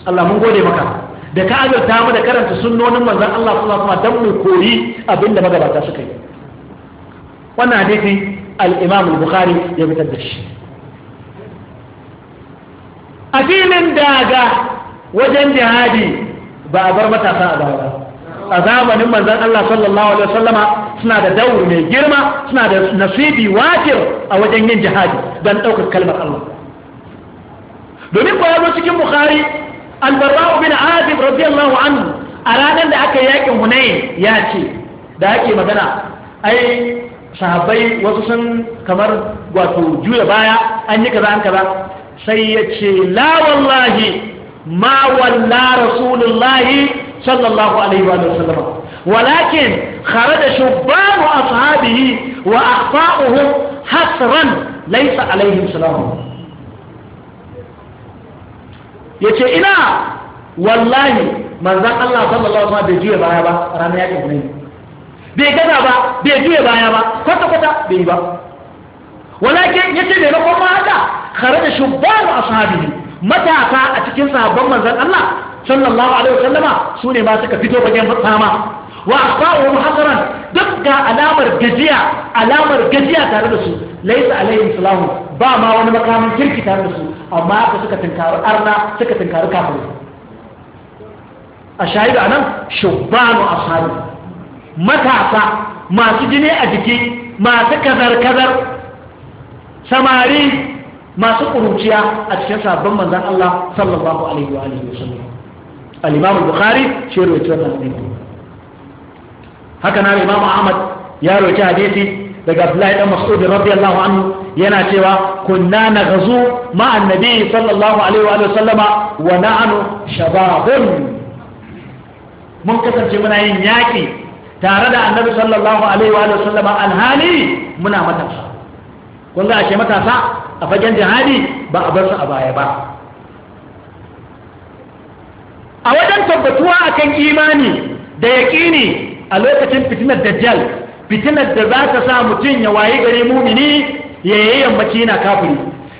Allah mun gode maka da ka azurta mu da karanta sunnonin manzon Allah sallallahu alaihi wasallam dan mu koyi abinda magabata suka yi wannan hadisi al-Imam al-Bukhari ya fitar da shi a filin daga wajen jihadi ba a bar matasa a baya a zamanin manzon Allah sallallahu alaihi suna da dauri mai girma suna da nasibi wakil a wajen yin jihadi don ɗaukar kalmar Allah domin ko cikin Bukhari albarra'u bin azib radiyallahu anhu a ranar da aka yakin hunayn ya ce da ake magana ai sahabbai wasu sun kamar wato juya baya an yi kaza an kaza sai ya ce la wallahi ma walla rasulullahi sallallahu alaihi wa sallam walakin kharaja shubbanu ashabihi wa akhfa'uhum hasran laysa alaihim salamun ya ce ina wallahi manzan Allah sallallahu alaihi bai juya baya ba ranar yakin hunayi bai gaza ba bai juya baya ba kwata kwata bai yi ba walakin yace ce bai makon ma haka kare da shubbar ashabihi matasa a cikin sahabban manzan Allah sallallahu alaihi wasallama su ne ma suka fito fagen fama wa asba'uhum hasaran duk ga alamar gajiya alamar gajiya tare da su laysa alaihim salahu ba ma wani makamin kirki tare da su amma aka suka tunkari arna suka tunkari kafirai a shahidu anan shubbanu ashabi matasa masu jini a jiki masu kazar-kazar samari masu ƙuruciya a cikin sabon manzan Allah sallallahu alaihi wa alihi wa sallam al-Imam al-Bukhari shi rawaito wannan hadisi haka na Imam Ahmad ya roki hadisi daga Abdullahi dan Mas'ud radiyallahu anhu yana cewa kunna naghzu ma annabi sallallahu alaihi wa sallama wa na'anu shababun mun kasance muna yin yaki tare da annabi sallallahu alaihi wa sallama alhali muna matasa kun ga ashe matasa a fagen jihadi ba a bar su a baya ba a wajen tabbatuwa akan imani da yaƙini a lokacin fitinar dajjal fitinar da za ta sa mutum ya wayi gari mumini ya yi yammaci na kafiri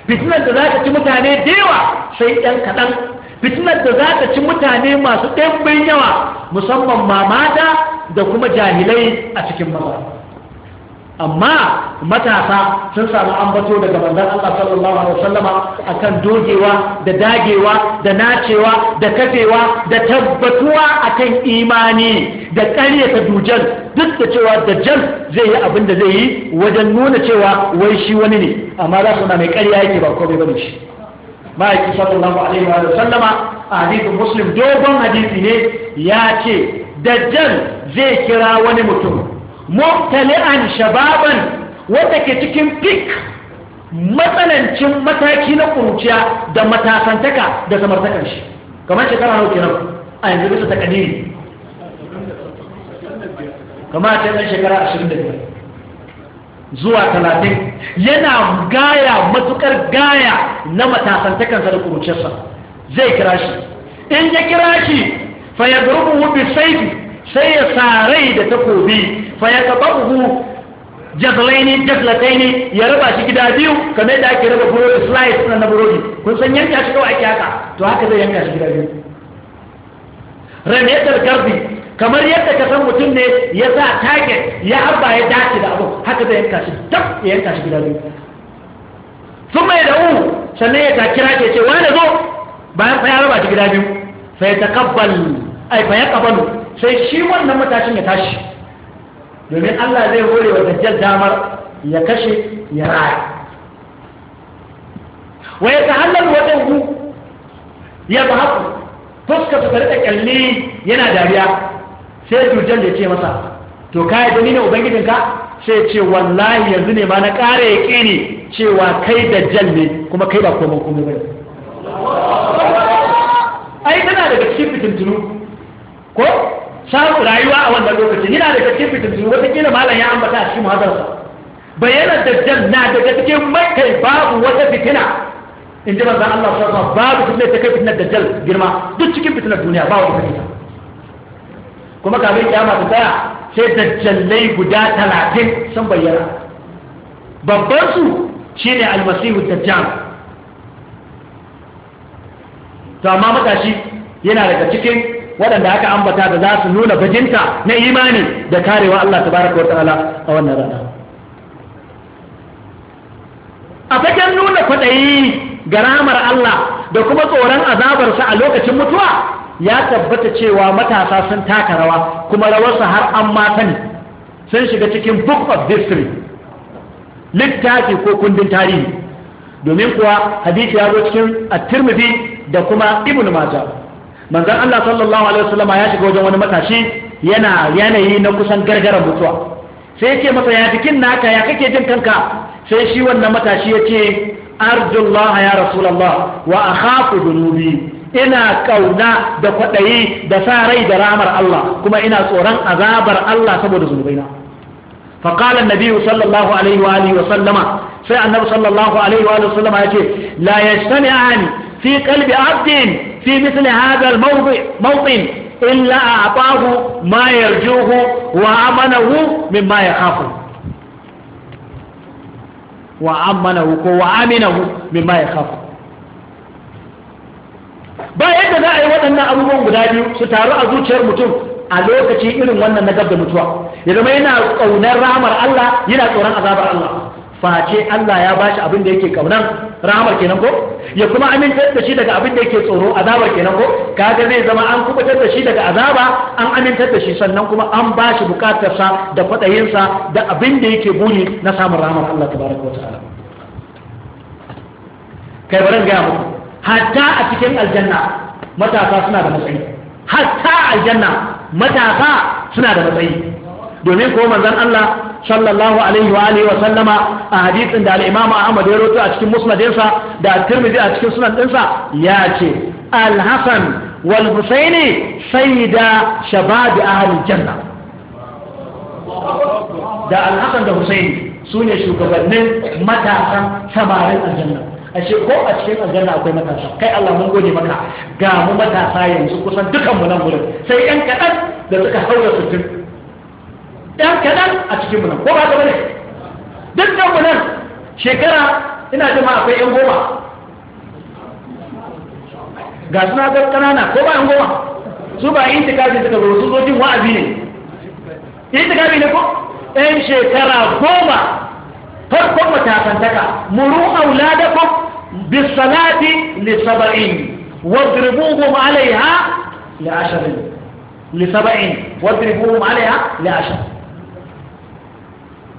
fitinar da za ka ci mutane da yawa sai ɗan kaɗan fitinar da za ta ci mutane masu ɗan yawa musamman ma mata da kuma jahilai a cikin maza amma matasa sun samu ambato daga manzon Allah sallallahu alaihi wasallama akan dogewa da dagewa da nacewa da kafewa da tabbatuwa akan imani da ƙaryata dujal duk da cewa dajjal zai yi abin da zai yi wajen nuna cewa wai shi wani ne amma za su na mai ƙarya yake ba komai bane shi ma'aiki sallallahu alaihi wa sallama a hadisin muslim dogon hadisi ne ya ce dajjal zai kira wani mutum mubtali'an shababan wanda ke cikin fik matsanancin mataki na kuruciya da matasantaka da samartakan shi kamar shekara hau kenan a yanzu bisa ta kadiri kamar ta cikin shekara 25 zuwa 30 yana gaya matukar gaya na matasantakansa da kuruciyarsa zai kira shi in ya kira shi fa ya bi saifi sai ya sarai da takobi fa jazlaini jazlataini ya raba shi gida biyu kamar yadda ake raba burodi slice na burodi kun san yanka shi kawai ake haka to haka zai yanka shi gida biyu ranetar garbi kamar yadda ka san mutum ne ya sa target ya abba ya dace da abu haka zai yanka shi dab ya yanka shi gida biyu sun mai da uhu sannan ya takira ke ce wani zo bayan ya raba shi gida biyu fa ya ai fa ya sai shi wannan matashin ya tashi domin Allah zai hore wa dajjal damar ya kashe ya raya wa ya tahallal wajenhu ya ba haku fuska ta da kalli yana dariya sai dujjal ya ce masa to ka da ni ne ka sai ce wallahi yanzu ne ma na kare ya ne cewa kai dajjal ne kuma kai ba komai komai ba ai tana daga cikin fitintunu ko Samun rayuwa a wannan lokacin yana da cikin fitintunu watakila malam ya ambata a cikin muhadarsa bayanan dajjal na daga cikin makai babu wata fitina in ji manzan Allah su zama babu fitina ta kai fitinar dajjal girma duk cikin fitinar duniya babu wata fitina kuma kafin kyama ta tsaya sai dajjalai guda talatin sun bayyana babban su shine almasihu dajjal to amma matashi yana daga cikin waɗanda aka ambata da za su nuna bajinta na imani da karewa Allah ta baraka wa ta'ala a wannan rana a fagen nuna kwaɗayi ga ramar Allah da kuma tsoron azabarsa a lokacin mutuwa ya tabbata cewa matasa sun taka rawa kuma rawarsa har an mata ne. sun shiga cikin book of history littafi ko kundin tarihi domin kuwa hadisi ya zo cikin at da kuma ibn majah manzon Allah sallallahu alaihi wasallama ya shiga wajen wani matashi yana yanayi na kusan gargaran mutuwa sai yake masa ya jikin naka ya kake jin kanka sai shi wannan matashi yace arjullah ya rasulallah, wa akhafu dunubi ina kauna da kwaɗayi da sa rai da ramar Allah kuma ina tsoron azabar Allah saboda zunubaina فقال النبي صلى الله عليه وآله وسلم سيء النبي صلى الله عليه وآله وسلم لا يجتمعان في قلب عبد في مثل هذا الموضع موطن إلا أعطاه ما يرجوه وأمنه مما يخافه وأمنه وأمنه مما يخافه ba yadda za a yi waɗannan abubuwan guda biyu su taru a zuciyar mutum a lokaci irin wannan na gab da mutuwa ya zama yana ƙaunar ramar Allah yana tsoron azabar Allah face Allah ya bashi abin da yake kaunan rahama kenan ko ya kuma amintar da shi daga abin da yake tsoro azaba kenan ko kaga zai zama an kubutar da shi daga azaba an amintar da shi sannan kuma an bashi bukatarsa da fadayinsa da abin da yake buni na samun rahama Allah tabaraka wa ta'ala kai barin ga mu hatta a cikin aljanna matasa suna da matsayi hatta aljanna matasa suna da matsayi domin ko manzon Allah sallallahu alaihi wa alihi wa sallama a hadisin da al-Imam Ahmad ya rawaito a cikin musnadinsa da Tirmidhi a cikin sunan dinsa ya ce al-Hasan wal Husaini sayyida shabab ahli janna da al-Hasan da Husaini sune shugabannin matasan samarin aljanna ashe ko a cikin aljanna akwai matasa kai Allah mun gode maka ga mu matasa yanzu kusan dukan mu nan gurin sai yan kaɗan da suka haura sutun ɗan kaɗan a cikin munan ko ba ka bane duk ɗan munan shekara ina jima akwai yan goma ga suna ga ƙanana ko ba yan goma su ba yin tikafi suka zo su zo jin wa'azi ne yin tikafi ne ko yan shekara goma farkon matakantaka muru auladakum bisalati li sab'in واضربوهم عليها لعشر لسبعين واضربوهم عليها لعشر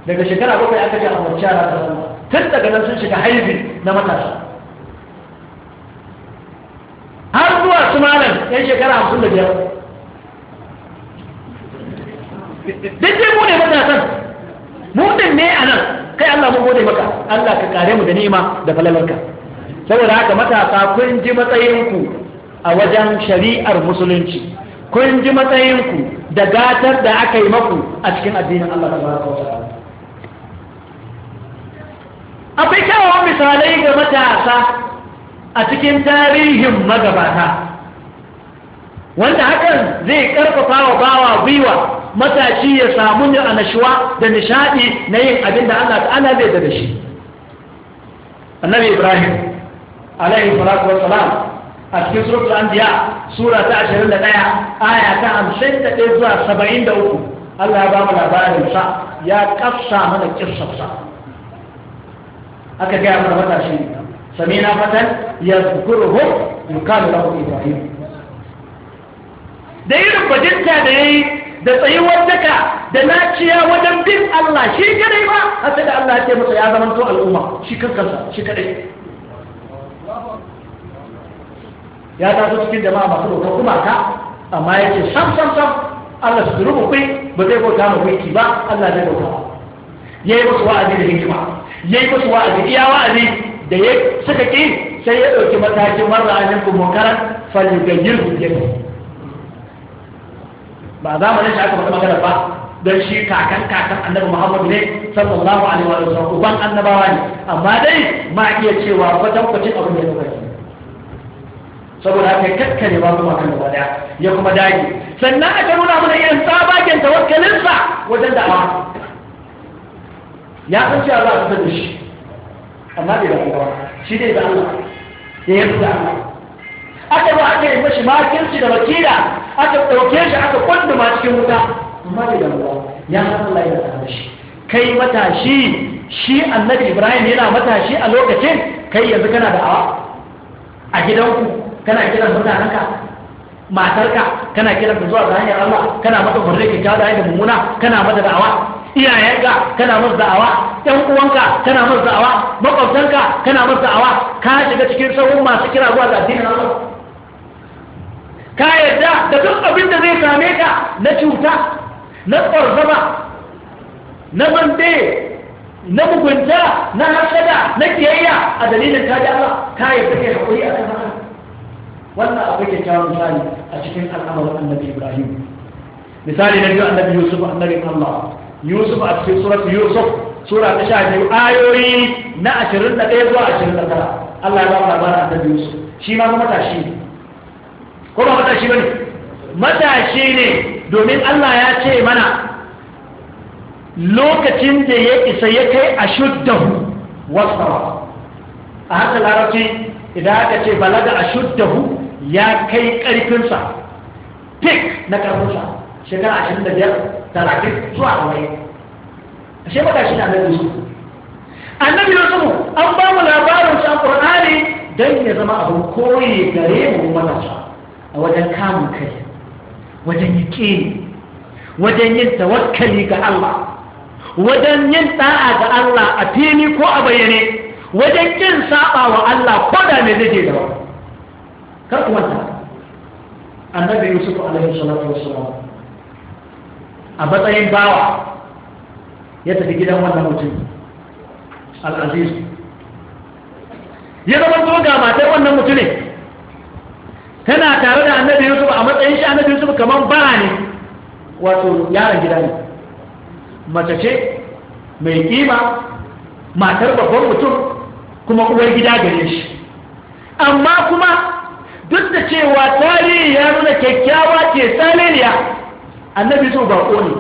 daga shekara bakwai aka ce a mace yara ta zama tun daga nan sun shiga haifi na matasa har zuwa su malam yan shekara hamsin da biyar duk dai mu ne matasan mu ne ne a nan kai Allah mun gode maka Allah ka kare mu da ni'ima da falalarka saboda haka matasa kun ji matsayinku a wajen shari'ar musulunci kun ji matsayinku da gatar da aka yi maku a cikin addinin Allah tabaraka wa ta'ala akwai kyawawan misalai ga matasa a cikin tarihin magabata wanda hakan zai karfafa wa bawa gwiwa matashi ya samu ne a nashuwa da nishadi na yin abin da ana ta'ala zai da shi annabi ibrahim alaihi salatu wassalam a cikin suratul anbiya sura ta 21 aya ta 51 zuwa 73 Allah ya ba mu labarin sa ya kafsa mana kissar aka gaya mana matashi sami na fatan ya zukuru hu in kanu lahu ibrahim da irin bajinta da ya yi da tsayuwar daka da na ciya wajen bin Allah shi kadai ba a sai da Allah ya ce masa ya zama to al'umma shi kankansa shi kadai ya taso cikin jama'a masu kuma gumaka amma ya ce sam sam sam Allah su rubu kai ba zai bauta ma wiki ba Allah zai bauta ya yi musu wa'azi da hikima ya yi musu wa'azi iya wa'azi da ya suka ƙi sai ya ɗauki matakin marar anin ku munkaran faligayyar hujjata ba za mu shi aka faɗi magana ba don shi kakan kakan annabi muhammadu ne sallallahu alaihi wa sallam uban annabawa ne amma dai ma iya cewa kwatankwacin abin da ya lokaci saboda haka ya kakkare ba kuma kan gaba daya ya kuma dage sannan aka nuna mana yin sabagen tawakkalinsa wajen da'awa ya san cewa za a fitar da shi amma bai da ba shi dai da Allah ya yi da Allah aka ba aka yi mashi makirci da makila aka ɗauke shi aka kwanta ma cikin wuta amma bai da Allah ya san Allah ya da shi kai matashi shi annabi ibrahim yana matashi a lokacin kai yanzu kana da awa a gidanku kana kiran mutanenka matarka kana kiran zuwa ga hanyar Allah kana mata hurri kyakkyawa da hanyar mummuna kana mata da awa? iyayenka kana musu da'awa ɗan uwanka kana musu da'awa makwabtanka kana musu da'awa ka shiga cikin sauran masu kira zuwa ga addinin Allah ka yadda da duk abin da zai same ka na cuta na tsarzama na mande na mugunta na hasada na kiyayya a dalilin ta Allah ka yadda kai haƙuri a kan wannan akwai kyawun misali a cikin al'amarin annabi Ibrahim misali na biyu annabi Yusuf annabi Allah yusuf a cikin surat yusuf sura ta sha biyu ayoyi na ashirin da ɗaya zuwa ashirin da tara allah ya ba mu labarin annabi yusuf shi ma matashi ne ko ba matashi ba ne matashi ne domin allah ya ce mana lokacin da ya isa ya kai a shuddahu wasawa a haka larabci idan aka ce balaga a shuddahu ya kai ƙarfinsa pik na ƙarfinsa shekara ashirin da biyar talatin zuwa arba'in ashe maka shi na annabi yusuf annabi yusuf an ba mu labarin shi a qur'ani dan ya zama abin koyi gare mu matasa a wajen kamun kai wajen yaqini wajen yin tawakkali ga Allah wajen yin da'a ga Allah a fili ko a bayyane wajen kin saba wa Allah ko da me zai da ba kar ku manta annabi yusuf alaihi salatu wassalam a matsayin bawa ya tafi gidan wannan mutum al'azizu ya zama zo ga matar wannan mutumin tana tare da annabi yusuf a matsayin shi annabi yusuf kamar bara ne wato yaran gida ne mace ce mai kima matar babban mutum kuma uwar gida gare shi amma kuma duk da cewa tarihi ya nuna kyakkyawa ke saliliya annabi so ba ko ne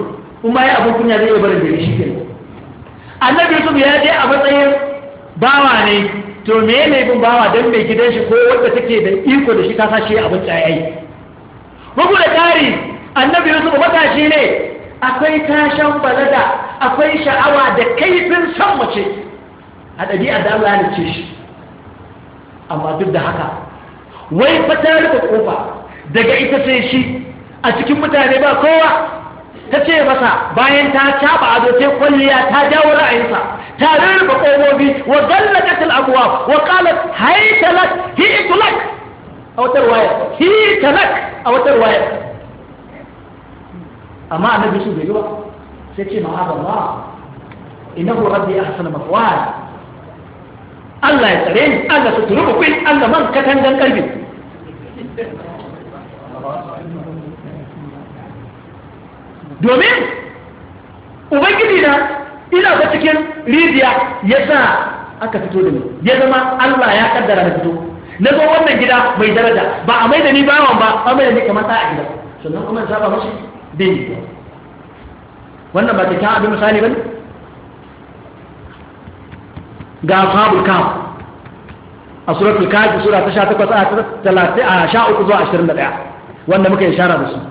kuma ya abun kunya zai barin gari shi kenan annabi so ya je a matsayin bawa ne to me ne bin bawa dan mai gidan shi ko wanda take da iko da shi ta sashi abin tsayayi bugu da kari annabi yusuf matashi ne akwai tashan balada akwai sha'awa da kaifin san mace a ɗabi'a da Allah ya ce shi amma duk da haka wai fatar rufe kofa daga ita sai shi a cikin mutane ba kowa ta ce masa bayan ta caba a sai kwalliya ta jawo ra'ayinsa ta rurrufe ƙofofi wa zallaqat al wa qalat haitalak lak hi'tu a wata riwaya hi'ta lak a wata riwaya amma a nabi su bai ba sai ce ina ku rabbi a hasana mafwaya Allah ya tsare ni Allah su turu ku Allah man katangan karbi domin ubangiji na ina ba cikin rijiya ya sa aka fito da ni ya zama Allah ya kaddara na fito na zo wannan gida mai daraja ba a mai da ni bawan ba a mai da ni kamar ta gida sannan kuma saba mashi dai wannan ba kyakkyawan abin misali ba ne ga ashabul kaf a suratul kaf sura ta sha a uku zuwa 21 wanda muka yi shara da su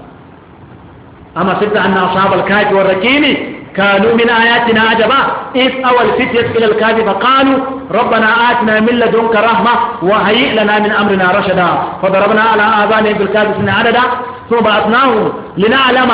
أما سبت أن أصحاب الكهف والركيم كانوا من آياتنا عجبا إذ أول فتية إلى الكهف فقالوا ربنا آتنا من لدنك رحمة وهيئ لنا من أمرنا رشدا فضربنا على آذانهم في سنة عددا ثم بعثناهم لنعلم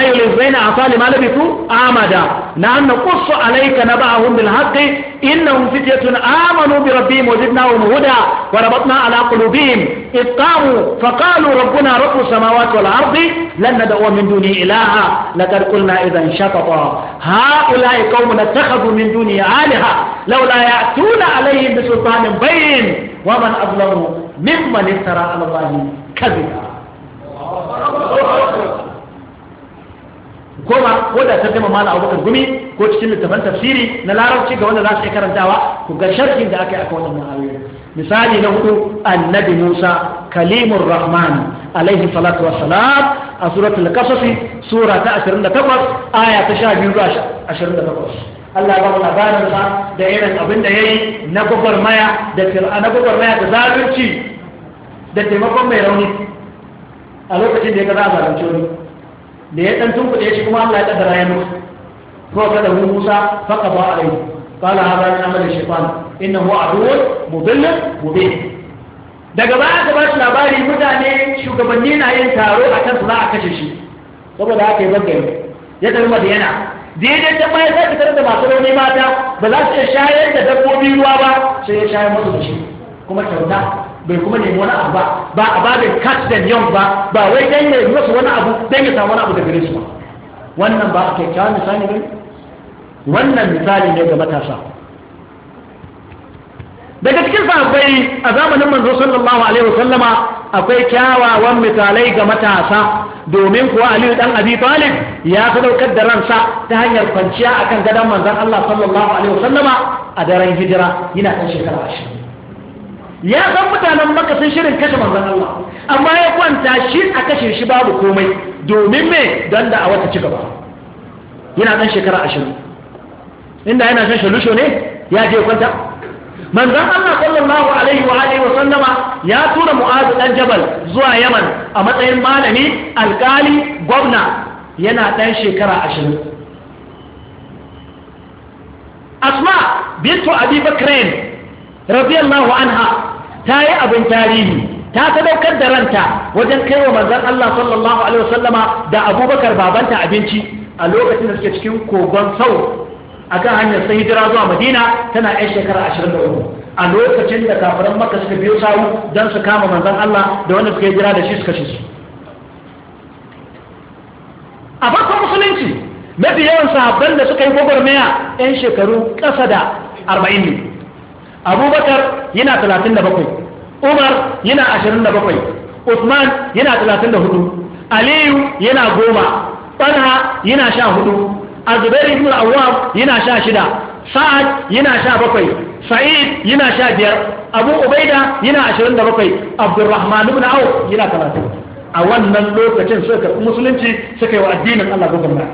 أي للزين أعطى لما لبثوا آمدا نعم نقص عليك نبعهم بالحق إنهم فتية آمنوا بربهم وزدناهم هدى وربطنا على قلوبهم إذ قاموا فقالوا ربنا رب السماوات والأرض لن ندعو من دونه إلها لقد قلنا إذا شططا هؤلاء قوم اتخذوا من دونه آلهة لولا يأتون عليهم بسلطان بين ومن أظلم ممن افترى على الله كذبا ko ba ko da ta zama mala abubakar gumi ko cikin littafan tafsiri na larabci ga wanda za su karantawa ku ga sharhin da aka yi akan wannan ayoyi misali na hudu annabi musa kalimur rahman alaihi salatu wassalam a suratul qasas sura ta 28 aya ta 12 zuwa 28 Allah ba labarin sa da irin abin da yayi na maya da fir'ana gwagwarmaya da zalunci da taimakon mai rauni a lokacin da ya ga za a zalunci wani da ya dan tunkuɗe shi kuma Allah ya kaddara ya mutu ko kada hu Musa faka ba alai qala hada min amali shaytan innahu aduwwun mudillun mubin daga baya aka ba shi labari mutane shugabanni na yin taro akan su a kashe shi saboda haka ya bangare ya tafi madina daidai ta bayan za fitar da masu rauni mata ba za su iya shayar da dabbobi ruwa ba sai ya shayar masu da shi kuma kyauta bai kuma nemi wani abu ba ba a babin catch them young ba ba wai dan ya yi musu wani abu dan ya samu wani abu da gare su ba wannan ba a kyakkyawan misali ne wannan misali ne ga matasa daga cikin sahabbai a zamanin manzo sallallahu alaihi wasallama akwai kyawawan misalai ga matasa domin kuwa aliyu dan abi talib ya sadaukar da ransa ta hanyar kwanciya akan gadon manzon Allah sallallahu alaihi wasallama a daren hijira yana ɗan shekara ashirin ya san mutanen maka sun shirin kashe manzan Allah amma ya kwanta shi a kashe shi babu komai domin me don da a wata ci gaba yana ɗan shekara ashirin inda yana shan shalusho ne ya je kwanta manzan Allah sallallahu alaihi wa alihi wa sallama ya tura mu'azu dan jabal zuwa yaman a matsayin malami alkali gwamna yana ɗan shekara ashirin asma bintu abi bakrin radiyallahu anha ta yi abin tarihi ta sadaukar da ranta wajen kai wa manzon Allah sallallahu alaihi wasallama da Abubakar babanta abinci a lokacin da suke cikin kogon sau akan hanyar sai hijira zuwa Madina tana 'yan shekara 23 a lokacin da kafiran maka suka biyo sawu don su kama manzan Allah da wanda suka jira da shi suka shi su a farkon musulunci mafi yawan sahabban da suka yi gwagwarmaya 'yan shekaru ƙasa da arba'in ne abubakar yana talatin da bakwai umar yana ashirin da bakwai usman yana talatin da hudu aliyu yana goma Ɓanha yana sha hudu azubairu ibn awwam yana sha shida sa'ad yana sha bakwai sa'id yana sha biyar abu ubaida yana ashirin da bakwai abdurrahman ibn awo yana talatin a wannan lokacin suka karɓi musulunci suka yi wa addinin allah gudunma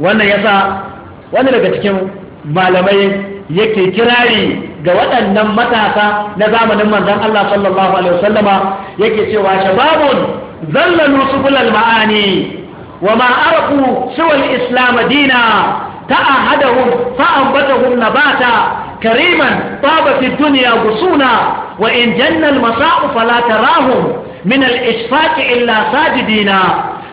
wannan sa wani daga cikin malamai yake kirari ga waɗannan matasa na zamanin manzon Allah sallallahu alaihi wasallama yake cewa shababun zallalu subulal ma'ani wa ma suwal islam dina ta'ahadahum fa'ambatahum nabata كريما kariman في الدنيا غصونا وإن جن ta فلا تراهم من illa Sadi dina.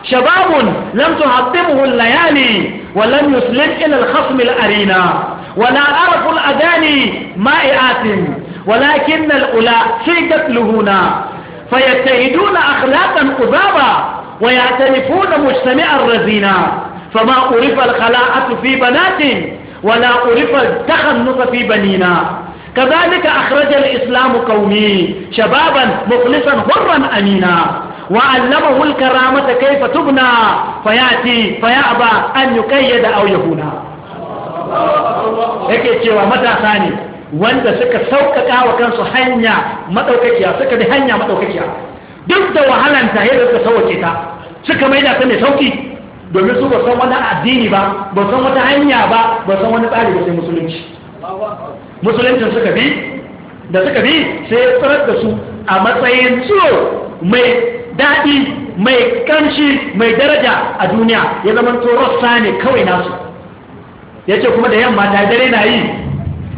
شباب لم تهطمه الليالي ولم يسلم إلى الخصم الأرينا ولا أرف الأداني مائعات ولكن الأولى في قتلهنا فيتهدون أخلاقا أذابا ويعترفون مجتمع الرزينا فما أرف الخلاعة في بنات ولا أرف التخنط في بنينا كذلك أخرج الإسلام قومي شبابا مخلصا حرا أمينا Wa وعلمه الكرامة كيف تبنى فيأتي فيأبى أن da أو يهونا yake cewa matasa ne wanda suka sauƙaƙa wa kansu hanya maɗaukakiya suka bi hanya maɗaukakiya duk da wahalan wahalanta yadda suka sauƙe ta suka maida ta mai sauƙi domin su ba san wani addini ba ba san wata hanya ba ba san wani tsari ba sai musulunci musuluncin suka bi da suka bi sai tsarar da su a matsayin ciwo mai daɗi mai ƙanshi mai daraja a duniya ya zama tsoron Sani kawai nasu ya ce kuma da yamma ta dare na yi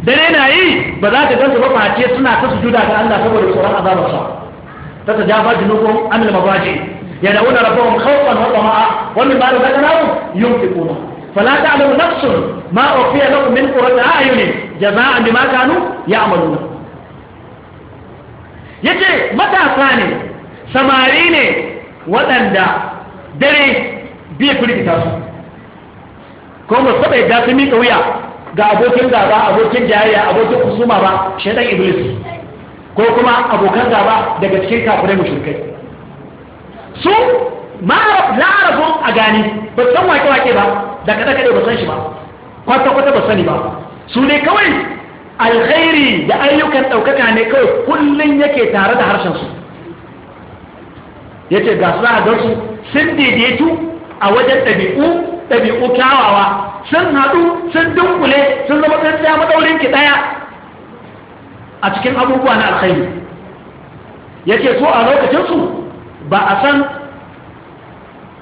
dare na yi ba za ta gansu ba face suna ta su juda ga Allah saboda tsoron azabarsa ta ta jafa jinukun amil mabaji ya da wuna rabon kawon wata ma'a wani ba da zaka namu yin fi kuma fala ta alamu nafsun ma ofiya lakum min qurrati a'yunin jaza'an bima kanu Ya ce matasa ne samari ne waɗanda dare biya firgita su kuma ba saba yadda su miƙa wuya ga abokin gaba abokin jayayya abokin kusuma ba shaidan iblis ko kuma abokan gaba daga cikin kafirai mushrikai su la'arafin a gani ba san wake-wake ba da kada-kada ba san shi ba kwata-kwata ba sani ba su ne kawai alkhairi da ayyukan ɗaukaka ne kawai kullum yake tare da harshensu ya ce ga suna su sun daidaitu a wajen ɗabi'u ɗabi'u kyawawa sun haɗu sun dunkule sun zama tsantsiya maɗaurin ki ɗaya a cikin abubuwa na alkhairi ya ce so a lokacinsu ba a san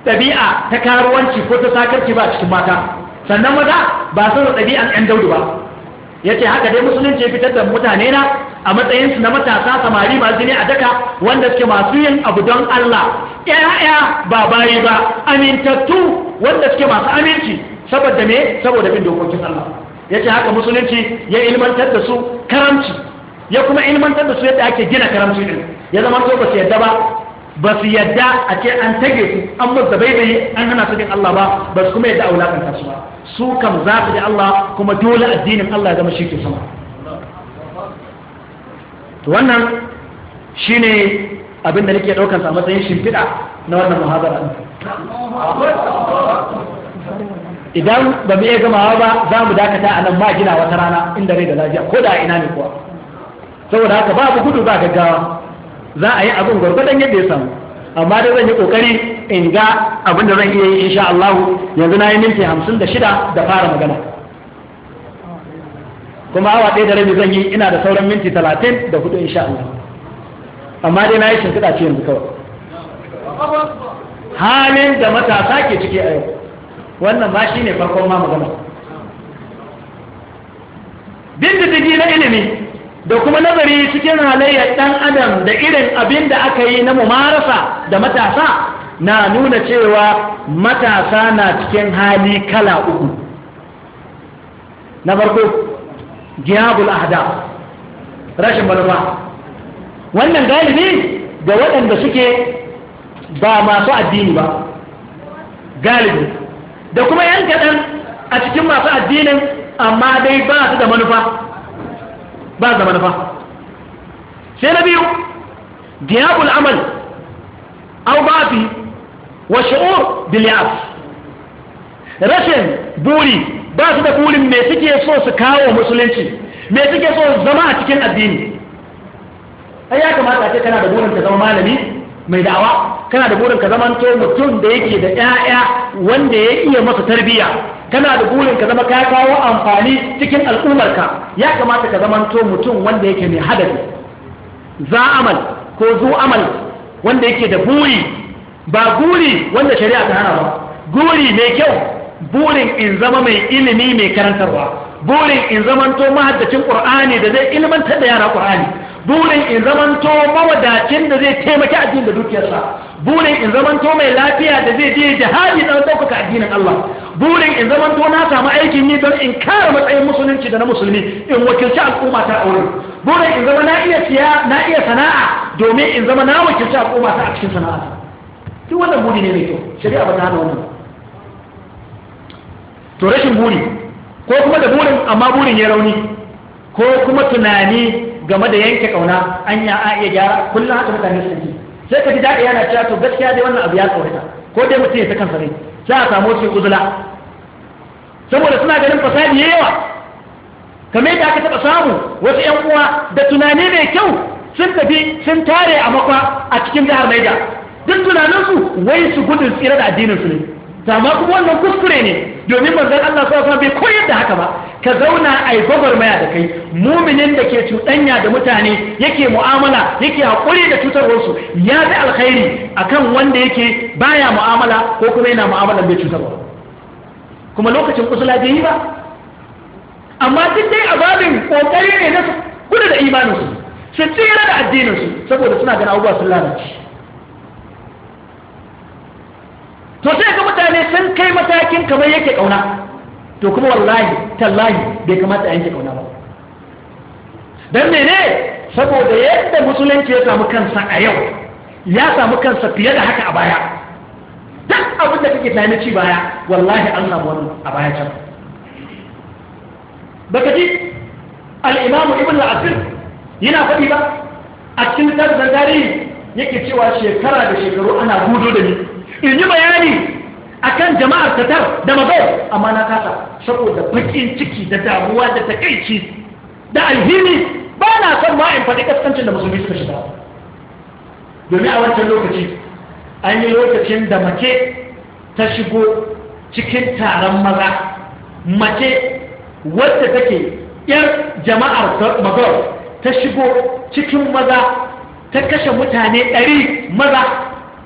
ɗabi'a ta karuwanci ko ta sakarci ba cikin mata sannan maza ba san ɗabi'an 'yan daudu ba Ya ce haka dai musulunci fitar da mutane na a matsayin su na matasa samari masu ne a daka wanda suke masu yin abu don Allah 'ya'ya ba bayi ba amintattu wanda suke masu aminci saboda me saboda bin dokokin Allah ce haka musulunci ya ilmantar da su karamci ya kuma ilmantar da su yadda ake gina karamci din ya zama to ba su yadda ba ba su yadda a ce an tage su an musu da bai an hana su Allah ba ba su kuma yadda a wulakanta su ba su kam za su da Allah kuma dole addinin Allah ya zama shi ke sama wannan shine abin da nake ɗaukan sa matsayin shimfiɗa na wannan muhabara idan ba mu iya gamawa ba za mu dakata a nan ma gina wata rana inda rai da lafiya ko da ina ne kuwa saboda haka babu gudu ba gaggawa za a yi abin gwargwadon yadda ya samu amma da zan yi kokari in ga abin da zan iya yi insha Allah yanzu na yi minti hamsin da shida da fara magana kuma awa ɗaya da rabi zan yi ina da sauran minti talatin da hudu insha Allah amma dai na yi shimfiɗa ce yanzu kawai halin da matasa ke ciki a yau wannan ma shi ne farkon ma magana dindindigi na ilimi da kuma nazari cikin halayyar ɗan adam da irin abin da aka yi na mumarasa da matasa na nuna cewa matasa na cikin hali kala uku na farko Giyabul Ahada, rashin manufa wannan galibi ga waɗanda suke ba masu addini ba galibi da kuma yan kaɗan a cikin masu addinin amma dai ba su da manufa ba zama fa sai na biyu diyabul amal au bafi wa shi'ur bil rashin buri ba su da burin me suke so su kawo musulunci me suke so su zama a cikin addini ai ya kamata ce kana da burin ka zama malami mai da'awa kana da burin ka zama mutum da yake da ƴaƴa wanda ya iya masa tarbiyya kana da burin ka zama ka kawo amfani cikin al'ummarka ya kamata ka zama to mutum wanda yake mai hadari za amal ko zu amal wanda yake da buri ba guri wanda shari'a ta hana ba guri mai kyau burin in zama mai ilimi mai karantarwa burin in zama to mahaddacin qur'ani da zai ilmantar da yara qur'ani burin in zamanto mawadacin da zai taimaki addinin da dukiyarsa burin in zamanto mai lafiya da zai je jihadi don ɗaukaka addinin Allah burin in zamanto na samu aikin yi don in kare matsayin musulunci da na musulmi in wakilci al'umma ta aure burin in zama na iya siya na iya sana'a domin in zama na wakilci al'umma ta a cikin sana'a duk wannan buri ne mai kyau shari'a ba ta hana to rashin buri ko kuma da burin amma burin ya rauni ko kuma tunani game da yanke kauna anya a iya gyara kullum haka mutane su ji sai ka ji daɗi yana cewa to gaskiya dai wannan abu ya tsawaita ko dai mutum ya ta kan ne sai a samu su uzula saboda suna ganin fasadi ya yawa kamar yadda aka taɓa samu wasu 'yan uwa da tunani mai kyau sun tafi sun tare a makwa a cikin jihar Niger duk tunaninsu wai su gudun tsira da addinin su ne amma kuma wannan kuskure ne domin manzon Allah sallallahu alaihi bai koyar da haka ba ka zauna ai gwagwarmaya da kai muminin da ke cuɗanya da mutane yake mu'amala yake haƙuri da cutarwarsu ya fi alkhairi akan wanda yake baya mu'amala ko kuma yana mu'amala bai cutarwa kuma lokacin kusula bai yi ba amma duk dai ababin babin kokari ne na gudu da imaninsu su tsira da addininsu saboda suna ganin abubuwa sun lalace to sai ga mutane sun kai matakin kamar yake kauna to kuma wallahi tallahi bai kamata a yanke kauna ba dan mene saboda yadda musulunci ya samu kansa a yau ya samu kansa fiye da haka a baya duk abin da kake tunani ci baya wallahi an samu wani a baya can baka ji al-imamu ibn al-asir yana faɗi ba a cikin tarihin tarihi yake cewa shekara da shekaru ana gudo da ni in yi bayani akan jama'ar tatar da mabai a na kasa saboda bakin ciki da damuwa da takaici da alhini ba na son ma in faɗi kaskancin da musulmi suka shiga domin a wancan lokaci an yi lokacin da mace ta shigo cikin taron maza mace wadda take yar jama'ar magar ta shigo cikin maza ta kashe mutane ɗari maza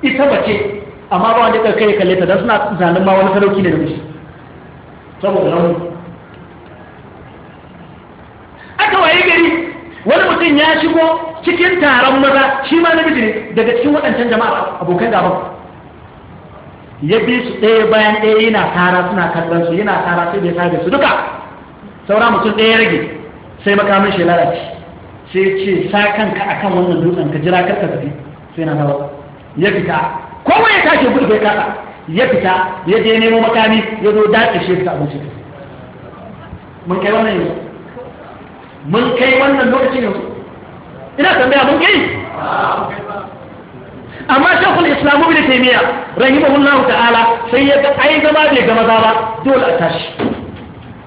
ita mace amma ba wanda kai kalle ta dan suna zanen ma wani sarauki ne da mishi saboda rauni aka waye gari wani mutum ya shigo cikin taron maza shi ma namiji ne daga cikin waɗancan jama'a abokan gaban ya bi su ɗaya bayan ɗaya yana tara suna kallon su yana tara sai bai sabe su duka saura mutum ɗaya rage sai makamin shi lalace sai ce sa kanka akan wannan dutsen ka jira karka tafi sai na dawo ya fita Ko wai ya tashi gudu bai kasa ya fita ya je nemo makami ya zo dace shi ta abinci mun kai wannan yanzu mun kai wannan lokacin yanzu ina tambaya mun kai amma shekul islamu da taimiyya rahimahullahu ta'ala sai ya ga ai gama bai gama ba dole a tashi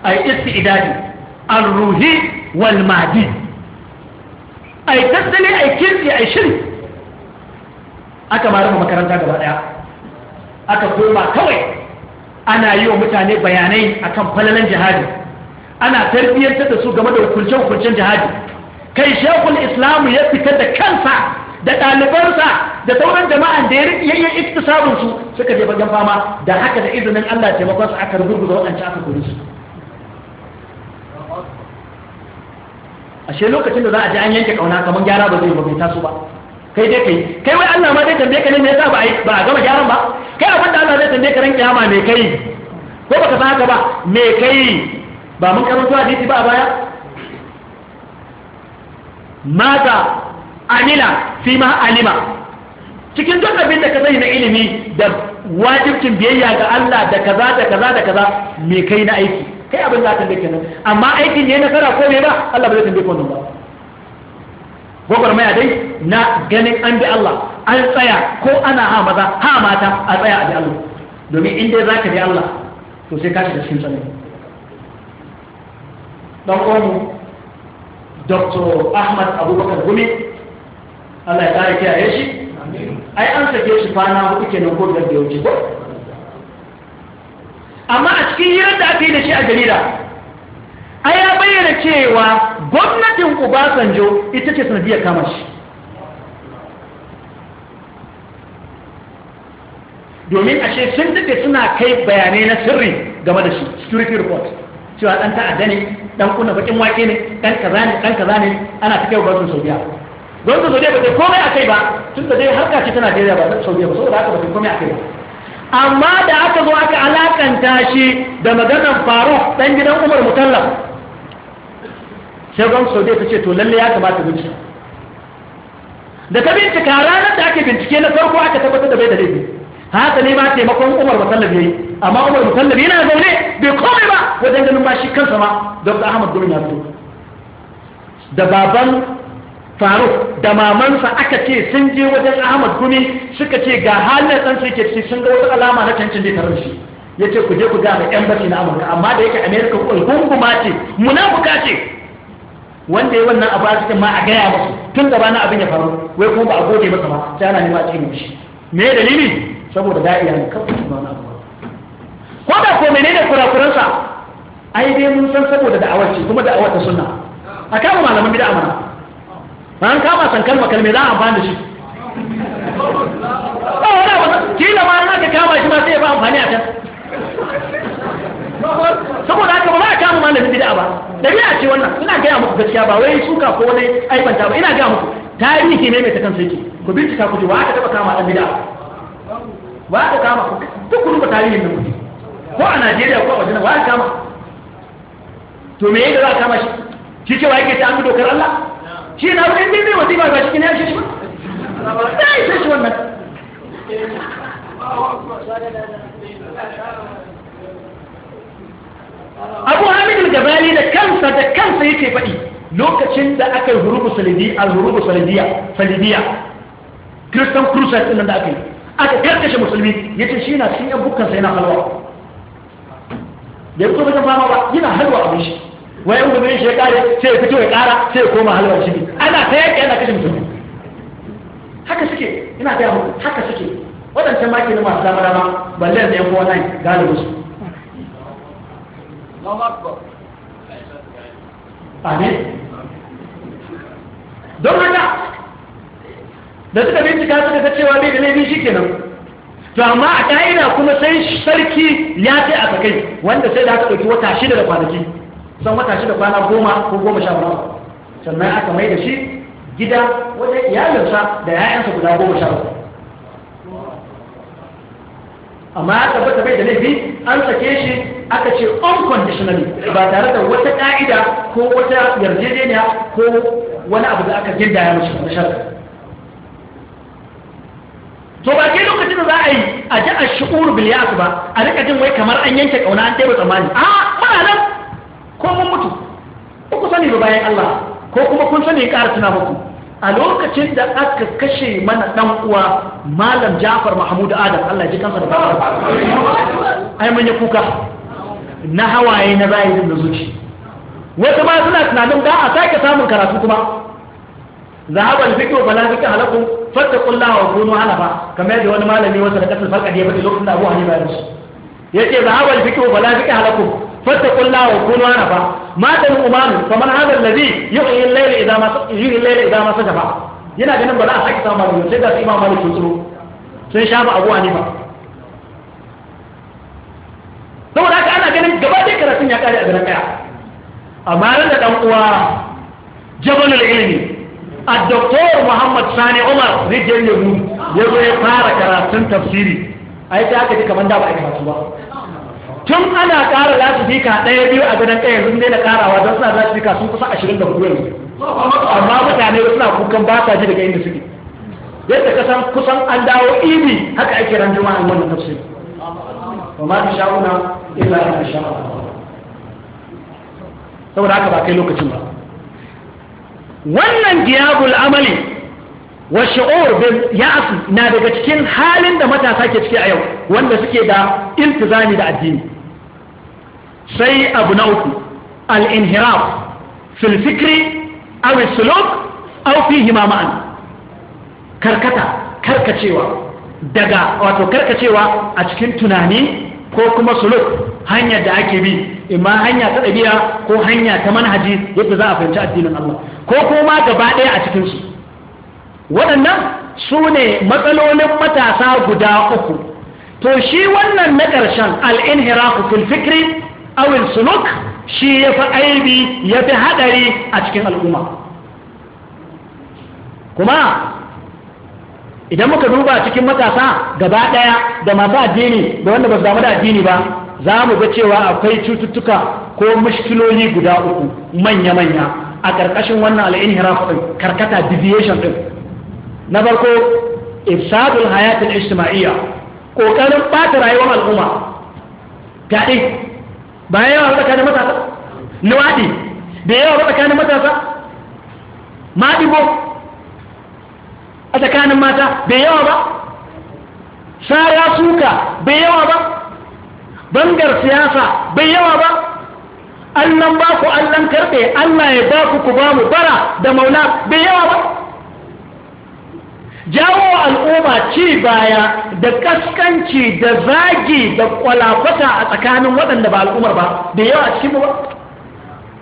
ai istidadi al-ruhi wal mahdi ai tasali ai kirki ai shirki aka ma rufe makaranta gaba daya aka koma kawai ana yi wa mutane bayanai akan falalan jihadi ana tarbiyyantar da su game da hukunce-hukuncen jihadi kai shekul islamu ya fitar da kansa da ɗalibarsa da sauran jama'an da ya yi iktisabin su suka je bagen fama da haka da izinin Allah taimakon su aka da waɗancan aka kuri su ashe lokacin da za a ji an yanke kauna kamar gyara ba zai ba bai taso ba kai dai kai kai wai Allah ma zai tambaye ka ne me yasa ba ba gama gyaran ba kai abin da Allah zai tambaye ka ran kiyama me kai ko baka san haka ba me kai ba mun karanto hadisi ba a baya mata amila fi ma alima cikin duk abin da ka sani na ilimi da wajibcin biyayya ga Allah da kaza da kaza da kaza me kai na aiki kai abin da ka tambaye kenan amma aikin ne nasara ko me ba Allah ba zai tambaye ka wannan ba maya dai na ganin an bi Allah an tsaya ko ana ha maza ha mata a tsaya a bi Allah domin inda za ka bi Allah to sai kashi da cikin tsanani dan uwanmu Dr. Ahmad Abubakar Gumi Allah ya kare kiyaye shi ai an sake shi fana hudu ke ko biyar da yau wuce amma a cikin hirar da aka yi da shi a jarida a ya bayyana cewa gwamnatin Obasanjo ita ce sanadiyar kama shi domin ashe sun daɗe suna kai bayanai na sirri game da shi security report cewa ɗan ta'adda ne ɗan kuna bakin wake ne ɗan kaza ne ɗan kaza ne ana ta kai wa gwamnatin saudiya gwamnatin saudiya ba ta komai a kai ba tun da dai harka ce tana daidai ba saudiya ba saboda haka ba ta komai a kai ba amma da aka zo aka alakanta shi da maganar faruk ɗan gidan umar Mutallab. sai gwamnati saudiya ta ce to lalle ya kamata gudu da ka bincika ranar da ake bincike na farko aka tabbatar da bai da laifi haka ne ma taimakon umar musallabi yi. amma umar musallabi yana zaune bai komai ba wajen ganin ba shi kansa ma dr ahmad gumi ya fito da baban faruk da mamansa aka ce sun je wajen ahmad gumi suka ce ga halin ɗan ke ke ciki sun ga wasu alama na cancin zai tarar shi ya ce ku je ku ga mai yan baki na amurka amma da yake amerika ko ma ce munafuka ce wanda ya wannan abu a cikin ma a gaya su tun da bana abin ya faru wai kuma ba a gode masa ba sai ana nima a cikin shi me dalili saboda da'iya ne kawai su wani abu ko da ko menene kurakuransa ai dai mun san saboda da'awar ce kuma da'awar ta sunna a kama malaman bid'a ba an kama kalma-kalma, za a amfani da shi kila ma na ka kama shi ma sai ya ba amfani a can saboda haka ba za a kama malamin bid'a ba dabi'a ce wannan ina gaya muku gaskiya ba wai suka ko wani aibanta ba ina gaya muku tarihi ne mai ta kansa yake ku bincika ku ji wa aka taba kama dan bid'a wa aka kama duk rubuta tarihin nan ko a Najeriya ko a wajen wa aka kama to me yadda za a kama shi shi cewa yake ta an bi dokar Allah shi na wurin ne mai wasiƙa ba shi ne ya shi ba sai shi wannan abu hamid al-gabali da kansa da kansa yake faɗi lokacin da aka yi hurubu salidi al-hurubu salidiya salidiya christian crusade din da aka yi aka karkashe musulmi yace shi na cikin bukkan sai na halwa da ya yake wajen fama ba yana halwa abin shi wayan gudun shi ya kare sai ya fito ya kara sai ya koma halwa shi ana ta yake ana kashe musulmi haka suke ina ga haka suke wadancan maki na masu dama dama balle da yan kowa nan galibinsu don haka da suka bincika suka ta cewa bai da laifin shi kenan to amma a ƙa'ida kuma sai sarki ya ce a sakai wanda sai da aka ɗauki wata shida da kwanaki san wata shida kwana goma ko goma sha bakwai sannan aka mai da shi gida wajen iyalinsa da 'ya'yansa guda goma sha bakwai amma ya tabbata bai da laifi an sake shi aka ce unconditionally ba tare da wata ka'ida ko wata yarjejeniya ko wani abu da aka gindaya mace na to ba ke lokacin da za a yi a ji a shi'uru biliyas ba a rika jin wai kamar an yanke kauna an taiba tsammani a muna nan ko mun mutu ko ku sani ba bayan Allah ko kuma kun sani ƙara tuna muku a lokacin da aka kashe mana dan uwa malam Ja'far Mahmud Adam Allah ji kansa da barka ai mun yi kuka na hawaye na bayin da zuci wata ma suna tunanin da a sake samun karatu kuma zahaba al-fiqh wa la fiqh halakum fattaqullaha wa kunu halafa kamar yadda wani malami wata da kasar farka da ya faɗi lokacin da Abu Hanifa ya ce zahaba al-fiqh wa bala fiqh halakum فاتقوا الله وكونوا عنفا مات الأمان فمن هذا الذي يحيي الليل إذا ما يحيي الليل إذا ما سجفا yana ganin ba za a sake samun yau sai ga imam malik tsoro sun sha ba abu hanifa saboda haka ana ganin gaba da karatun ya kare a ganin kaya amma ran da dan uwa jabalul ilimi, ad muhammad sani umar rijal yahu ya zo ya fara karatun tafsiri ai sai aka ji kaman da ba a karatu ba tun ana ƙara lasifika ɗaya biyu a gadon ɗaya sun daina ƙarawa don suna lasifika sun kusa ashirin da hudu yanzu amma mutane suna kukan ba sa ji daga inda suke yadda kasan kusan an dawo ibi haka ake ran a wannan tafsir ba ma ta sha'una illa ya ta sha'una saboda haka ba kai lokacin ba wannan diyabul amali wa shi'ur bil ya'as na daga cikin halin da matasa ke ciki a yau wanda suke da iltizami da addini sai abu na uku al-inhiraf fil fikri aw suluk karkata karkacewa daga wato karkacewa a cikin tunani ko kuma suluk hanyar da ake bi imma hanya ta ɗabi'a ko hanya ta manhaji yadda za a fahimci addinin Allah ko kuma gaba ɗaya a cikinsu waɗannan su ne matsalolin matasa guda uku to shi wannan na ƙarshen al fil fikri awil suluk shi ya fi aibi ya fi haɗari a cikin al'umma kuma idan muka duba cikin matasa gaba ɗaya da masu addini da wanda ba su damu da addini ba za mu ga cewa akwai cututtuka ko mashkiloli guda uku manya-manya a ƙarƙashin wannan al'inhiraf ɗin karkata deviation ɗin na farko ifsadul hayatul ijtima'iyya ƙoƙarin ɓata rayuwar al'umma fyaɗe ba ya yawa ba tsakanin matasa luwaɗi da yawa ba tsakanin matasa Maɗi ko a tsakanin mata bai yawa ba Sara suka bai yawa ba bangar siyasa bai yawa ba allan ba ku allan karɓe allah ya ba ku ku ba mu bara da mauna bai yawa ba jawo al'umma ci baya da kaskanci da zagi da kwalafata a tsakanin waɗanda ba al'ummar ba da yawa cikin ba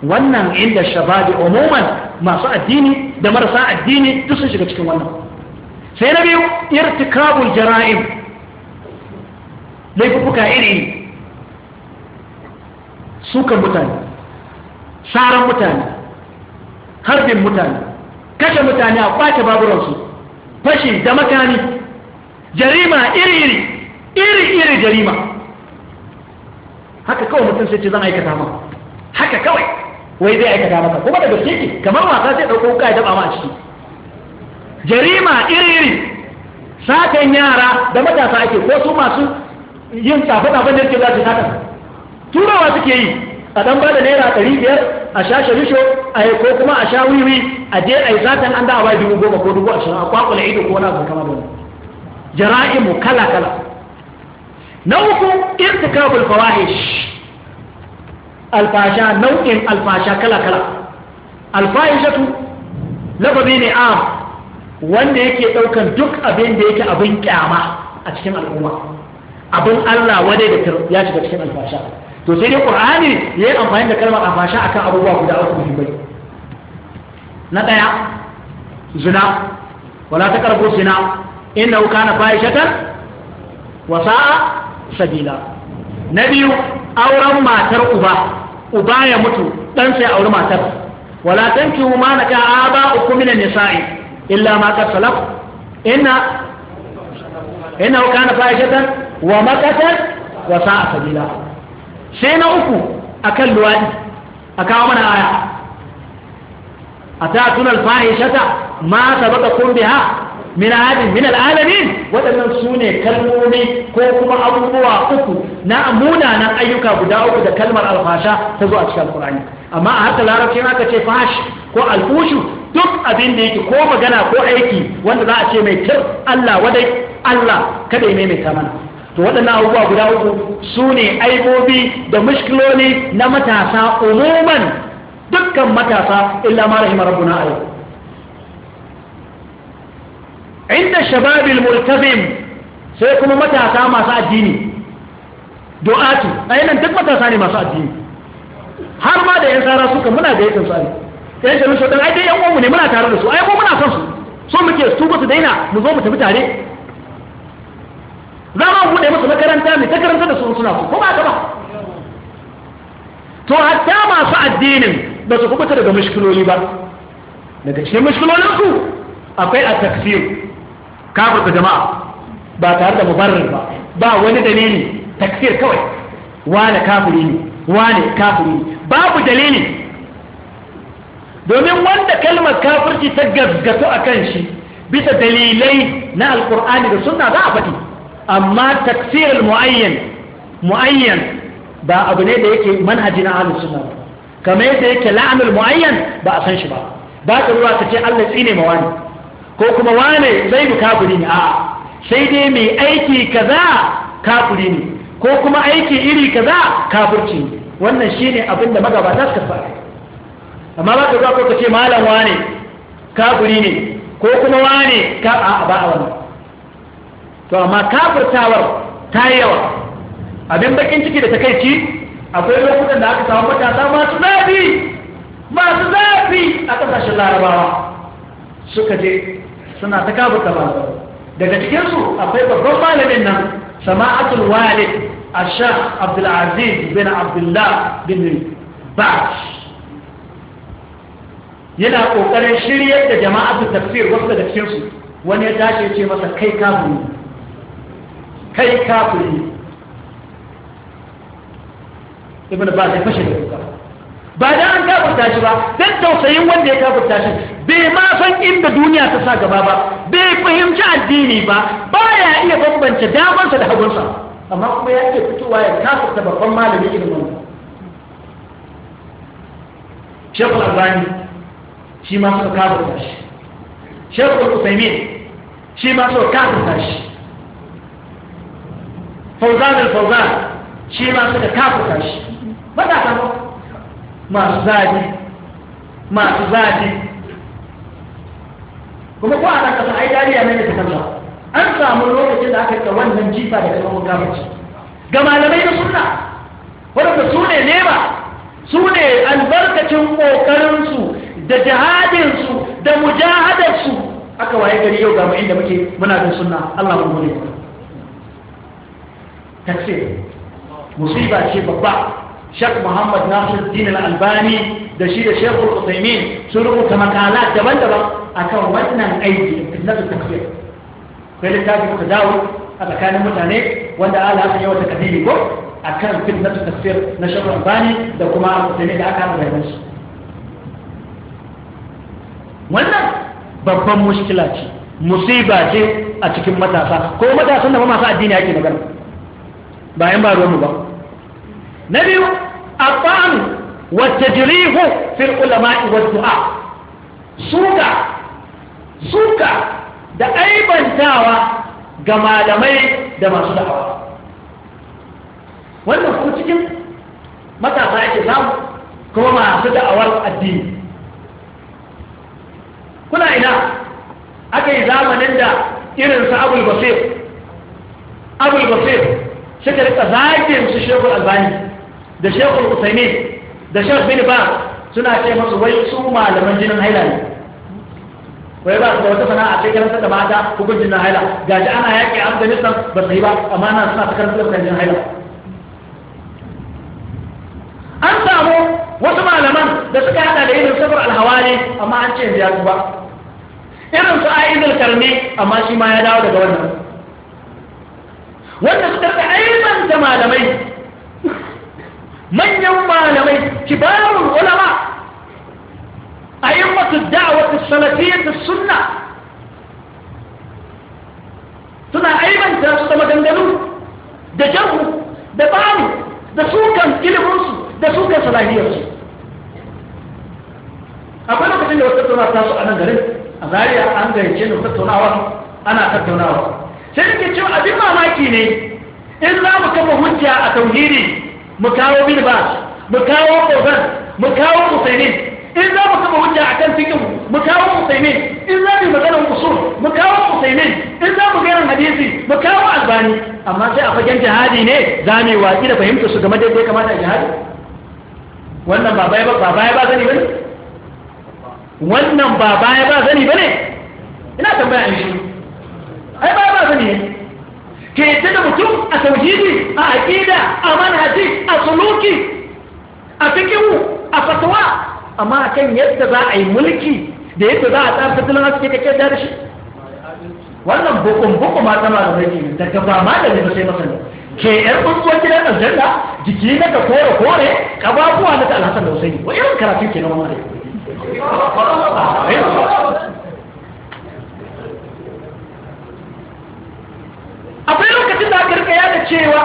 wannan inda shababi umuman masu addini da marasa addini duk sun shiga cikin wannan sai na biyu irtikabul jara'im laifuka iri sukan mutane saran mutane harbin mutane kashe mutane a kwace baburansu fashi da makani jarima iri-iri iri-iri jarima haka kawai mutum sai ce zan aikata ma haka kawai wai zai aikata maka kuma daga ciki kamar wasa sai ɗauko wuka ya daba ma a ciki jarima iri-iri satan yara da matasa ake ko su masu yin tsafe-tsafen da yake za su sata turawa suke yi a ɗan ba da naira ɗari biyar a sha sharisho a yi ko kuma a sha wiwi a je a yi zatan an dawa dubu goma ko dubu ashirin a kwakwale ido ko wani abu kama da jara'imu kala kala na uku irtikabul fawahish alfasha nau'in alfasha kala kala alfahishatu lafazi ne a wanda yake ɗaukan duk abin da yake abin kyama a cikin al'umma abin Allah wadai da ya shiga cikin alfasha to sai dai qur'ani ya yi amfani da kalmar afasha akan abubuwa guda uku muhimmai na daya zina wala taqrabu zina innahu kana fahishatan wa sa'a sabila na biyu auren matar uba uba ya mutu dan sai auri matar wala tankihu ma naka aba'ukum min nisa'i illa ma qad salaf inna innahu kana fahishatan wa maqatan wa sa'a sabila sai na uku akan luwaɗi a kawo mana aya atatun alfahishata ma sabaqakum ha? min ahadin min alalamin waɗannan su ne kalmomi ko kuma abubuwa uku na munanan ayyuka guda uku da kalmar alfasha ta zo a cikin alkur'ani amma a haka larabcin aka ce fash ko alfushu duk abin da yake ko magana ko aiki wanda za a ce mai kyau Allah wadai Allah kada ya maimaita mana to waɗannan abubuwa guda uku su ne aibobi da mushkiloli na matasa umuman dukkan matasa illa ma rahimar rabbuna a yau inda shababil multazim sai kuma matasa masu addini do'atu, a yanan duk matasa ne masu addini har ma da yan tsara suka muna da yakin tsari yan shirin shaɗin ai dai yan uwanmu ne muna tare da su ai ko muna son su so muke su ba su daina mu zo mu tafi tare za mu buɗe masa makaranta mai ta karanta da su suna su ko ba ka ba to hatta masu addinin ba su kubuta daga mashkiloli ba daga cikin mashkilolin su akwai a taksir da jama'a ba tare da mubarrar ba ba wani dalili taksir kawai wane kafiri ne wane kafiri ne babu dalili domin wanda kalmar kafirci ta gaggatu a kan shi bisa dalilai na alkur'ani da sunna za a faɗi amma tafsirul muayyan muayyan ba abu ne da yake manhaji na ahlus sunna kamar yadda yake la'amul muayyan ba a san shi ba ba ka ruwa ka ce Allah tsine ma wani ko kuma wane zai mu kafiri ne a'a sai dai mai aiki kaza kafiri ne ko kuma aiki iri kaza kafirci ne wannan shine abin da magabata suka fara amma ba ka ruwa ko ka ce malam wane kafiri ne ko kuma wane ka a'a ba a wannan to amma kafirtawar ta yawa abin bakin ciki da ta ci akwai lokutan da aka samu matasa masu zafi masu zafi a kasashen larabawa suka je suna ta kafirta ba daga cikinsu akwai babban malamin nan sama'atul walid Asha abdulaziz bin abdullah bin bash yana kokarin shiryar da jama'atu tafsir wasu daga cikinsu wani ya tashi ya ce masa kai kafin. kai kafiri ibn ba zai fashe da kuka ba da an kafirta shi ba dan tausayin wanda ya kafirta shi bai ma san inda duniya ta sa gaba ba bai fahimci addini ba baya iya bambance damansa da hagunsa amma kuma ya ke fitowa ya kafirta babban malami irin wannan shekul albani shi ma suka kafirta shi shekul usaimin shi ma suka kafirta shi fauzan al-fauzan shi ma suka kafuka shi samu masu zaɗi masu zaɗi kuma ko a nan kasa ai dariya ne ta kalla an samu lokacin da aka ga wannan jifa da kuma gabaci ga malamai na sunna wanda su ne nema su ne albarkacin ƙoƙarinsu, da jihadinsu da mujahadarsu aka waye gari yau ga mu inda muke muna bin sunna Allah mu gode ta ce musiba ce babba shek muhammad nasir din albani da shi da shekul usaimin sun rubuta makala daban-daban a akan wannan aiki na da tafiya kai littafi muka dawo a tsakanin mutane wanda ala aka yawa takadiri ko a kan akan fitnatu tafsir na shekul albani da kuma usaimin da aka rubuta shi wannan babban mushkila ce musiba ce a cikin matasa ko matasan da ba masu addini ake magana bayan ba ruwanmu ba na biyu afanu wata jirihu fil ulama'i wa suka suka da aibantawa ga malamai da masu da'awa wannan ku cikin matasa yake samu kuma masu da'awar addini kuna ina aka yi zamanin da irin sa abul basir abul basir suka rika zagin su shekul albani da shekul usaimi da shekul bin ba suna ce masu wai su malaman jinin haila ne wai ba su da wata sana'a sai karanta da mata hukuncin na haila gaji ana yaƙi a afghanistan ba su yi ba amma na suna ta karanta da hukuncin haila an samu wasu malaman da suka hada da irin sabar alhawari amma an ce yanzu ya tuba irin su a izil karni amma shi ma ya dawo daga wannan wanda suka fi aibanta malamai manyan malamai kibarun ulama a yin matu da'awata salafiyyata sunna suna aibanta su da maganganu da jahu da bani da sukan iliminsu da sukan salahiyarsu akwai lokacin da wata tattauna ta su a nan garin a zariya an gayyace da tattaunawa ana tattaunawa sai ke cewa abin mamaki ne in za mu kafa hujja a tauhidi mu kawo bin ba mu kawo Ƙofar, mu kawo usaimin in za mu kama hujja a kan fikin mu kawo musaimin in za mu magana usul mu kawo musaimin in za mu gairan hadisi mu kawo albani amma sai a fagen jihadi ne za mu yi watsi da fahimta su game da yadda ya kamata a jihadi wannan ba baya ba baya ba zani bane wannan ba baya ba zani bane ina tambaya a shi tauhidi a aqida a manhaji a suluki a fikihu a fatawa amma kan yadda za a yi mulki da yadda za a tsara tattalin ka kake da shi wannan bukun bukun ma tsama da mulki daga ba ma da ba sai masani ke yar tsuntsuwar gidan aljanna jiki na ka kore kore kababuwa na ta alhassan da usaini wa irin karatu ke na wani abin da aka rika yada cewa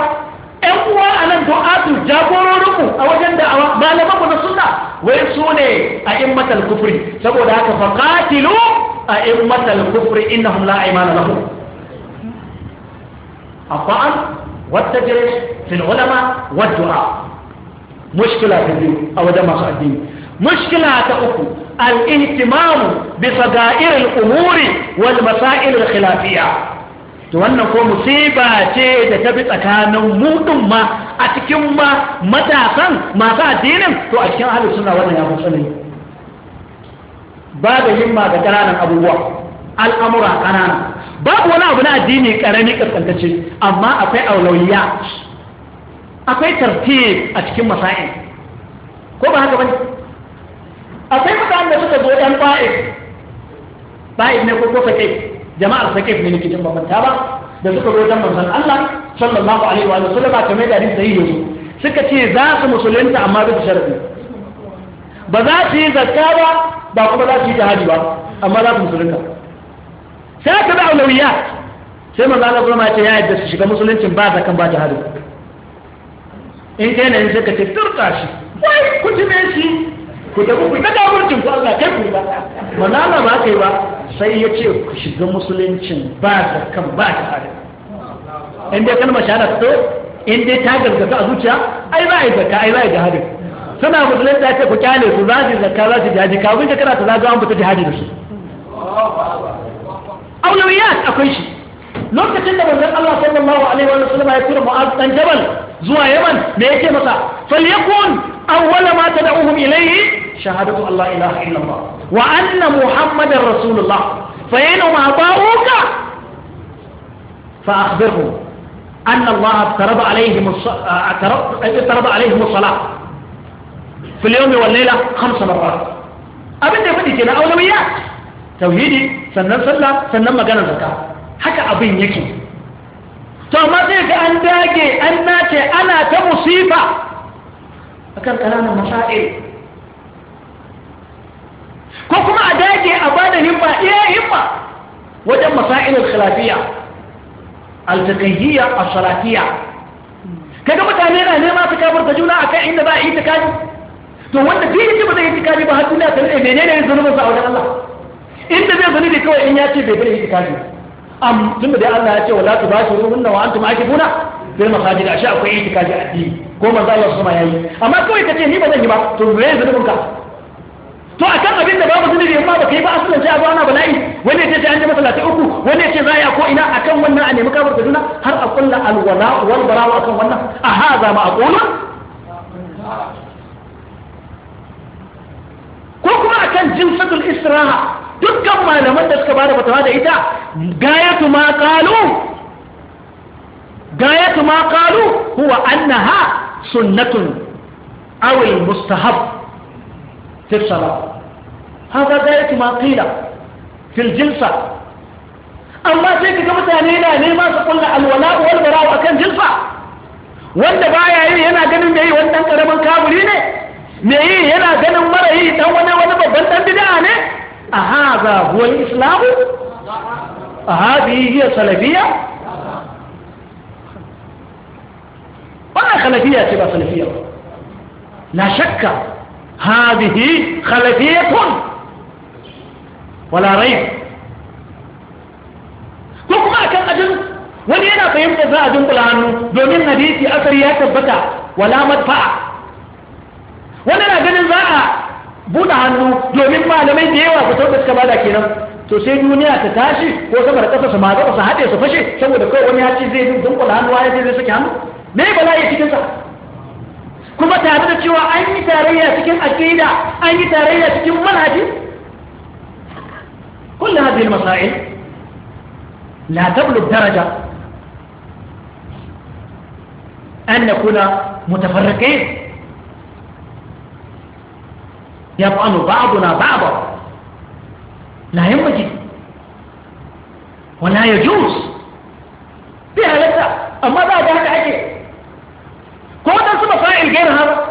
‘yan uwa a nan du'atu jagororinku a wajen da malaman ku na sunna wai su ne a in matal kufri saboda haka fa qatilu a in matal kufri innahum la imana lahum afa'al wattajris fil ulama wad du'a mushkila ta biyu a wajen masu addini mushkila ta uku al-ihtimamu bi sadair al-umuri wal masail al-khilafiyya to wannan ko musiba ce da ta bi tsakanin mudun ma a cikin ma matasan masu addinin to a cikin ahlus suna wannan ya fi tsanani da himma ga ƙananan abubuwa al'amura ƙanana babu wani abu na addini ƙarami ƙasƙantacce amma akwai aulawiya akwai tartib a cikin masa'in ko ba haka bane akwai mutanen da suka zo ɗan ba'id ba'id ne ko kofa kai jama'ar sakif ne nake babanta ba da suka zo dan manzon Allah sallallahu alaihi wa sallam kamar da hadisi sahihi ne suka ce za su musulunta amma bisa sharadi ba za su yi zakka ba ba kuma za su yi jihadi ba amma za su musulunta sai aka da aulawiya sai manzon Allah sallallahu alaihi ya yadda su shiga musuluncin ba zakkan ba jihadi in kai ne suka ce turta shi wai ku ji shi ku tafi ku ta gaburcin ku Allah kai ku ba manzon Allah ba kai ba sai ya ce ku shiga musuluncin ba zakan ba shahada in dai kalmar shahada ta in dai ta gargaza a zuciya ai ba yi zakka ai ba yi jihadi suna musulunci ya ce ku kyale su za su yi zakka za su yi jihadi kawai da kana ta zaga an fita jihadi da su aulawiyat akwai shi lokacin da manzon Allah sallallahu alaihi wa sallam ya tura Mu'az dan Jabal zuwa Yaman me yake masa fal yakun awwala ma tad'uhum ilayhi shahadatu Allah ilaha illallah wa anna muhammadar rasulullah fa yana ma ba'uka fa akhbirhu anna Allah akhbirhum أن الله افترض عليهم افترض عليهم الصلاة في اليوم والليلة خمس مرات أبدا يفدي kenan أولويات tauhidi sannan sallah sannan magana zakat haka abin yake to amma sai ga an dage an nace ana ta musifa A akan ƙananan masa'il ko kuma a dage a bada himma iya himma wajen masa'il al-khilafiyya al-taqiyya as-salatiyya kaga mutane na nema ta kafar ta juna akan inda za a yi ta kaji. to wanda duk yake ba zai yi ta kaji ba har duniya ta rike menene zunubin sa a wajen Allah inda zai zunubi kawai in ya ce bai bari yi ta kaji. am tun da dai Allah ya ce wala tubashiruhunna wa antum aakifuna bil masajid ashe akwai itikafi addini ko manzo Allah su ma yayi amma kawai kace ni ba zan yi ba to me zan zunubin ka to akan abin da babu zunubi amma ba kai ba asalin sai abu ana bala'i wani ya ce sai an ji masallaci uku wani ya ce za ya ko ina akan wannan a nemi kabar juna har a kulla alwala wal bara'u akan wannan a haza ma aqulu ko kuma akan jinsatul isra'a. dukkan malaman da suka bada fatawa da ita gayatu ma qalu gayatu ma qalu huwa annaha sunnatun aw mustahab fi salat hada gayatu ma qila fi jilsa amma sai kaga mutane na nema su kulla alwala wal bara akan jilsa wanda baya yi yana ganin da yi wannan karaman kaburi ne me yi yana ganin mara yi dan wani wani babban dan bid'a ne أهذا هو الإسلام أهذه هي السلفيه ولا خلفية تبا سلفية لا شك هذه خلفية ولا ريب كما كان أجل ولينا فيمتزا أجل بلان دومين نبيتي أثريات البتع ولا مدفع ولنا جنزاها buɗe hannu domin malamai da yawa su da suka bada kenan to sai duniya ta tashi ko sama da ƙasa su ma su haɗe su fashe saboda kawai wani haci zai dun kula hannu ya zai saki hannu me bala'i cikin sa kuma tare da cewa an yi tarayya cikin aqida an yi tarayya cikin manhaji kullu hadhihi almasail la tablu daraja an nakuna mutafarriqin يطعن بعضنا بعضا لا ينبغي ولا يجوز بها لسا أما ذا ذا ذا عجل كون أنسوا مفائل غير هذا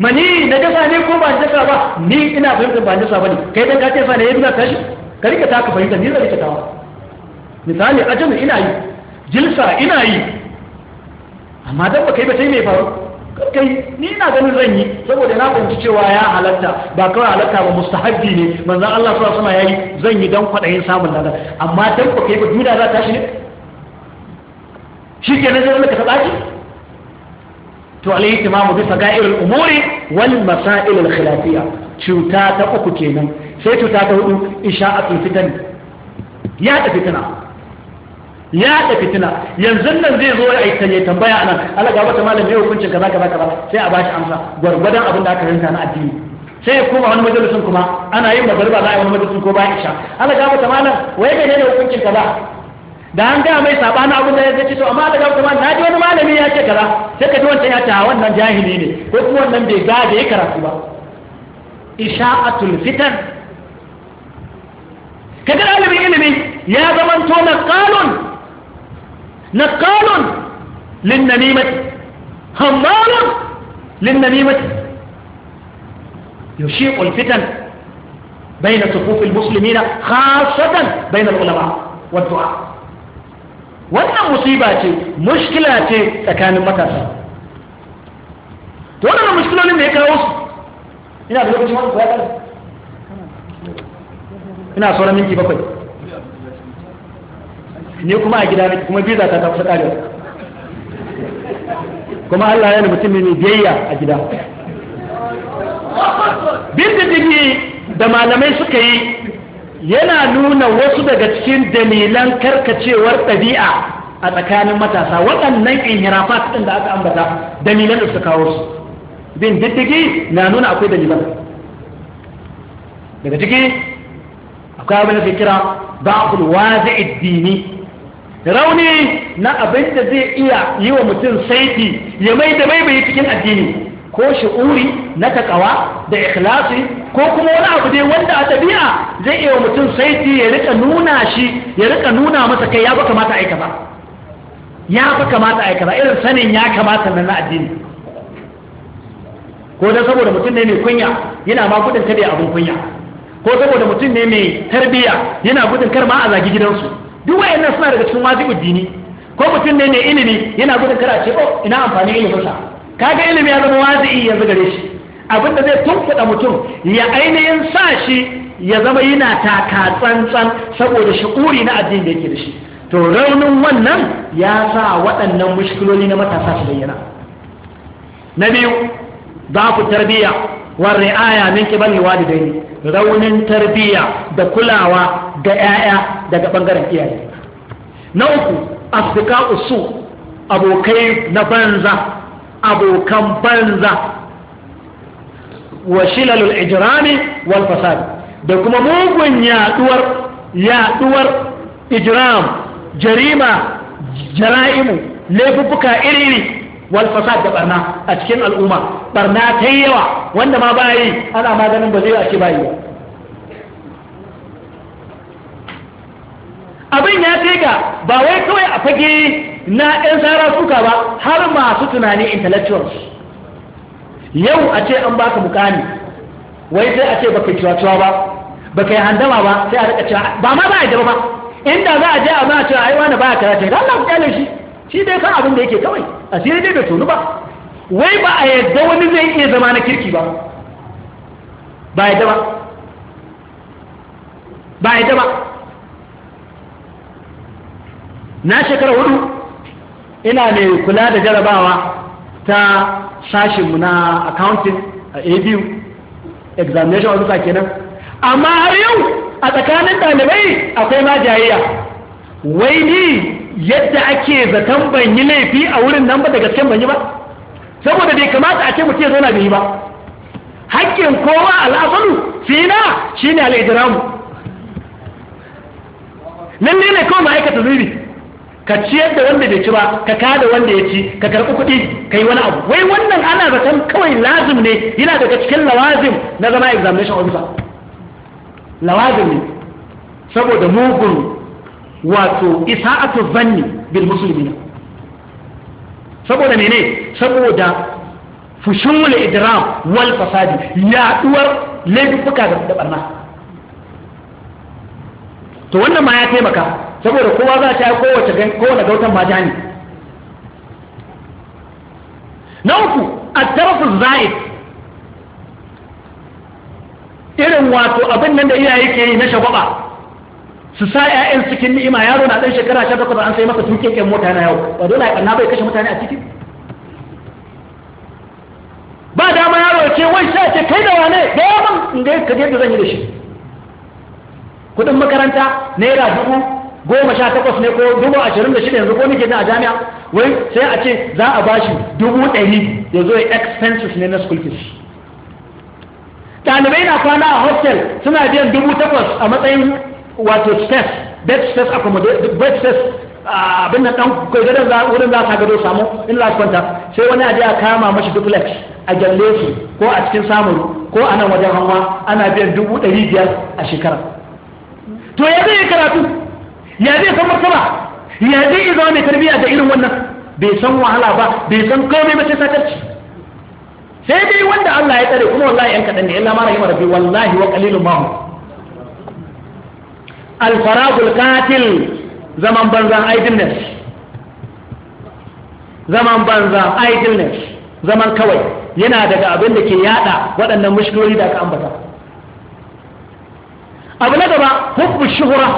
مني نجسا نيكو ما نجسا با ني إنا فهمت با نجسا بني كيبا كاتي فانا يبنا كاشي كريكا تاك فهمت نيزا لكي تاوا مثالي أجن إنا يو جلسا إنا يو أما ذا ما كيبا تيمي فارو kai ni na ganin zan yi saboda na fahimci cewa ya halatta ba kawai halatta ba mustahabbi ne manzon Allah sallallahu alaihi wasallam yayi zan yi dan kwadayin samun ladan amma dan ko kai ba duniya za ta shi ne shikenan zai ka tsaki to alayhi timamu bisa ga'irul umuri wal masail al khilafiyya cuta ta uku kenan sai cuta ta hudu isha'atul fitan ya ta fitana ya da fitina yanzu nan zai zo ya yi tambaya anan Allah ga wata malam ya hukuncin kaza kaza kaza sai a ba shi amsa gwargwadon abin da aka rinka na addini sai ya koma wani majalisun kuma ana yin magarba za a yi wani majalisun ko bayan isha Allah ga wata malam wai ne ne hukuncin kaza da an ga mai sabana abin da ya ce to amma da gaba kuma naji wani malami ya ce kaza sai ka ji wancan ya ce wannan jahili ne ko kuma wannan bai ga da ya karatu ba isha'atul fitan kaga dalibin ilimi ya zamanto na kanun نقال للنميمة همار للنميمة يشيع الفتن بين صفوف المسلمين خاصة بين العلماء والدعاء وأن مصيبة مشكلة تكان مكاسا وأن المشكلة لم يكن أوس هنا بلوك جمال هنا صورة من تبقى ne kuma a gida nake kuma biza ta ta kusa karewa kuma Allah yana mutum mai biyayya a gida bin da malamai suka yi yana nuna wasu daga cikin dalilan karkacewar ɗabi'a a tsakanin matasa waɗannan inhirafat ɗin da aka ambata dalilan da suka kawo su bin diddigi na nuna akwai dalilan daga ciki akwai abin da ke kira ba'ul wazi'id dini rauni na abin da zai iya yi wa mutum saiti ya mai da bai cikin addini ko shi'uri na takawa da ikhlasi ko kuma wani abu dai wanda a tabi'a zai iya wa mutum saiti ya rika nuna shi ya rika nuna masa kai ya ba kamata aika ba ya ba kamata aika ba irin sanin ya kamata na addini ko dan saboda mutum ne mai kunya yana ma gudun kada abun kunya ko saboda mutum ne mai tarbiya yana gudun kar ma a zagi gidansu duk wayannan suna daga cikin wajibu dini ko mutum ne mai ilimi yana gudun kara ce oh ina amfani ilimin sa kaga ilimi ya zama wazi'i yanzu gare shi abin da zai tunkuɗa mutum ya ainihin sa shi ya zama yana taka tsantsan saboda shi na addini da yake da shi to raunin wannan ya sa waɗannan mushkiloli na matasa su bayyana na biyu za ku tarbiyya war ri'aya min qibali walidaini raunin tarbiyya da kulawa ga yaya daga bangaren iyaye na uku asdika usu abokai na banza abokan banza wa shilalul ijrami wal fasad da kuma mugun yaduwar yaduwar ijram jarima jara'imu laifuffuka iri-iri wal fasad da barna a cikin al'umma barna ta yi yawa wanda ma ba yi ana maganin ba zai a ce ba yi abin ya kai ba wai kawai a fage na 'yan tsara suka ba har masu tunani intellectuals yau a ce an baka mukami wai sai a ce baka ba baka yi handama ba sai a rika cewa ba ma ba a ba inda za a je a a cewa ai wani ba a karatu da Allah ku kyale shi shi dai kan abin da yake kawai a shi dai bai tonu ba wai ba a yadda wani zai iya zama na kirki ba ba yadda ba ba yadda ba na shekara hudu ina mai kula da jarabawa ta sashinmu na accounting a abu examination wasu kenan amma har yau a tsakanin ɗalibai akwai ma wai ni yadda ake zaton ban yi laifi a wurin nan ba da gaske ban yi ba saboda bai kamata a ce mutum ya zauna bai yi ba hakkin kowa al'asalu fina shine al'ijiramu lalle ne kawai ma'aikata zubi ka ciyar da wanda bai ci ba ka kada wanda ya ci ka karɓi kuɗi ka yi wani abu wai wannan ana zaton kawai lazim ne yana daga cikin lawazim na zama examination officer lawazim ne saboda mugun wato isa'atu zanni bil muslimina saboda menene saboda fushul idram wal fasadi yaduwar laifuka da barna to wannan ma ya taimaka saboda kowa za ta yi kowace gan kowace gautan ma jani na uku at tarafu zaid irin wato abin nan da iyaye ke yi na shagwaba su sa 'ya'yan cikin ni'ima yaro na ɗan shekara sha takwas an sai masa tuƙeƙen mota na yau ba dole ya kanna bai kashe mutane a ciki ba dama yaro ce wai sha ce kai da wane da yaman in ga ka yadda zan yi da shi kuɗin makaranta naira dubu goma sha takwas ne ko dubu ashirin da shida yanzu ko nake na a jami'a wai sai a ce za a bashi dubu ɗari ya zo ya expenses ne na school fees ɗalibai na kwana a hostel suna biyan dubu takwas a matsayin wato space bed space accommodate bed space ah, abin nan dan kogadar za wurin za ka gado samu in za kwanta sai wani aje a kama mashi duplex a gyalle shi ko a cikin samun ko a nan wajen hanwa ana biyan dubu ɗari biyar a shekara to ya zai karatu ya zai san martaba ya zai zama mai tarbiyya da irin wannan bai san wahala ba bai san komai ba sai sakarci sai dai wanda Allah ya tsare kuma wallahi yan kaɗan ne illa ma rahimar rabbi wallahi wa qalilun ma alfaragul katil zaman banza idleness zaman banza idleness zaman kawai yana daga abin da ke yada waɗannan mushkiloli da aka ambata abu na gaba hubbu shuhura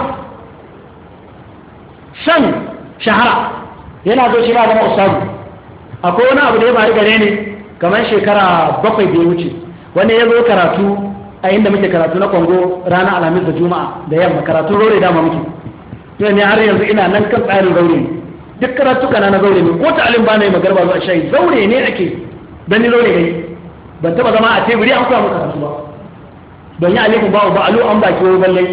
san shahara yana zo shi ba zama usamu akwai wani abu da ya faru gare ne kamar shekara bakwai da ya wuce wani ya zo karatu a inda muke karatu na kwango ranar alhamis da juma'a da yamma karatu rore dama muke to ne har yanzu ina nan kan tsarin zaure. Duk karatu kana na zaure ne ko ta alim na yi magarba zuwa shayi zaure ne ake dan ni zaure ne. ban taba zama a teburi an samu karatu ba don yi alaikum ba ba alu an baki wani ballai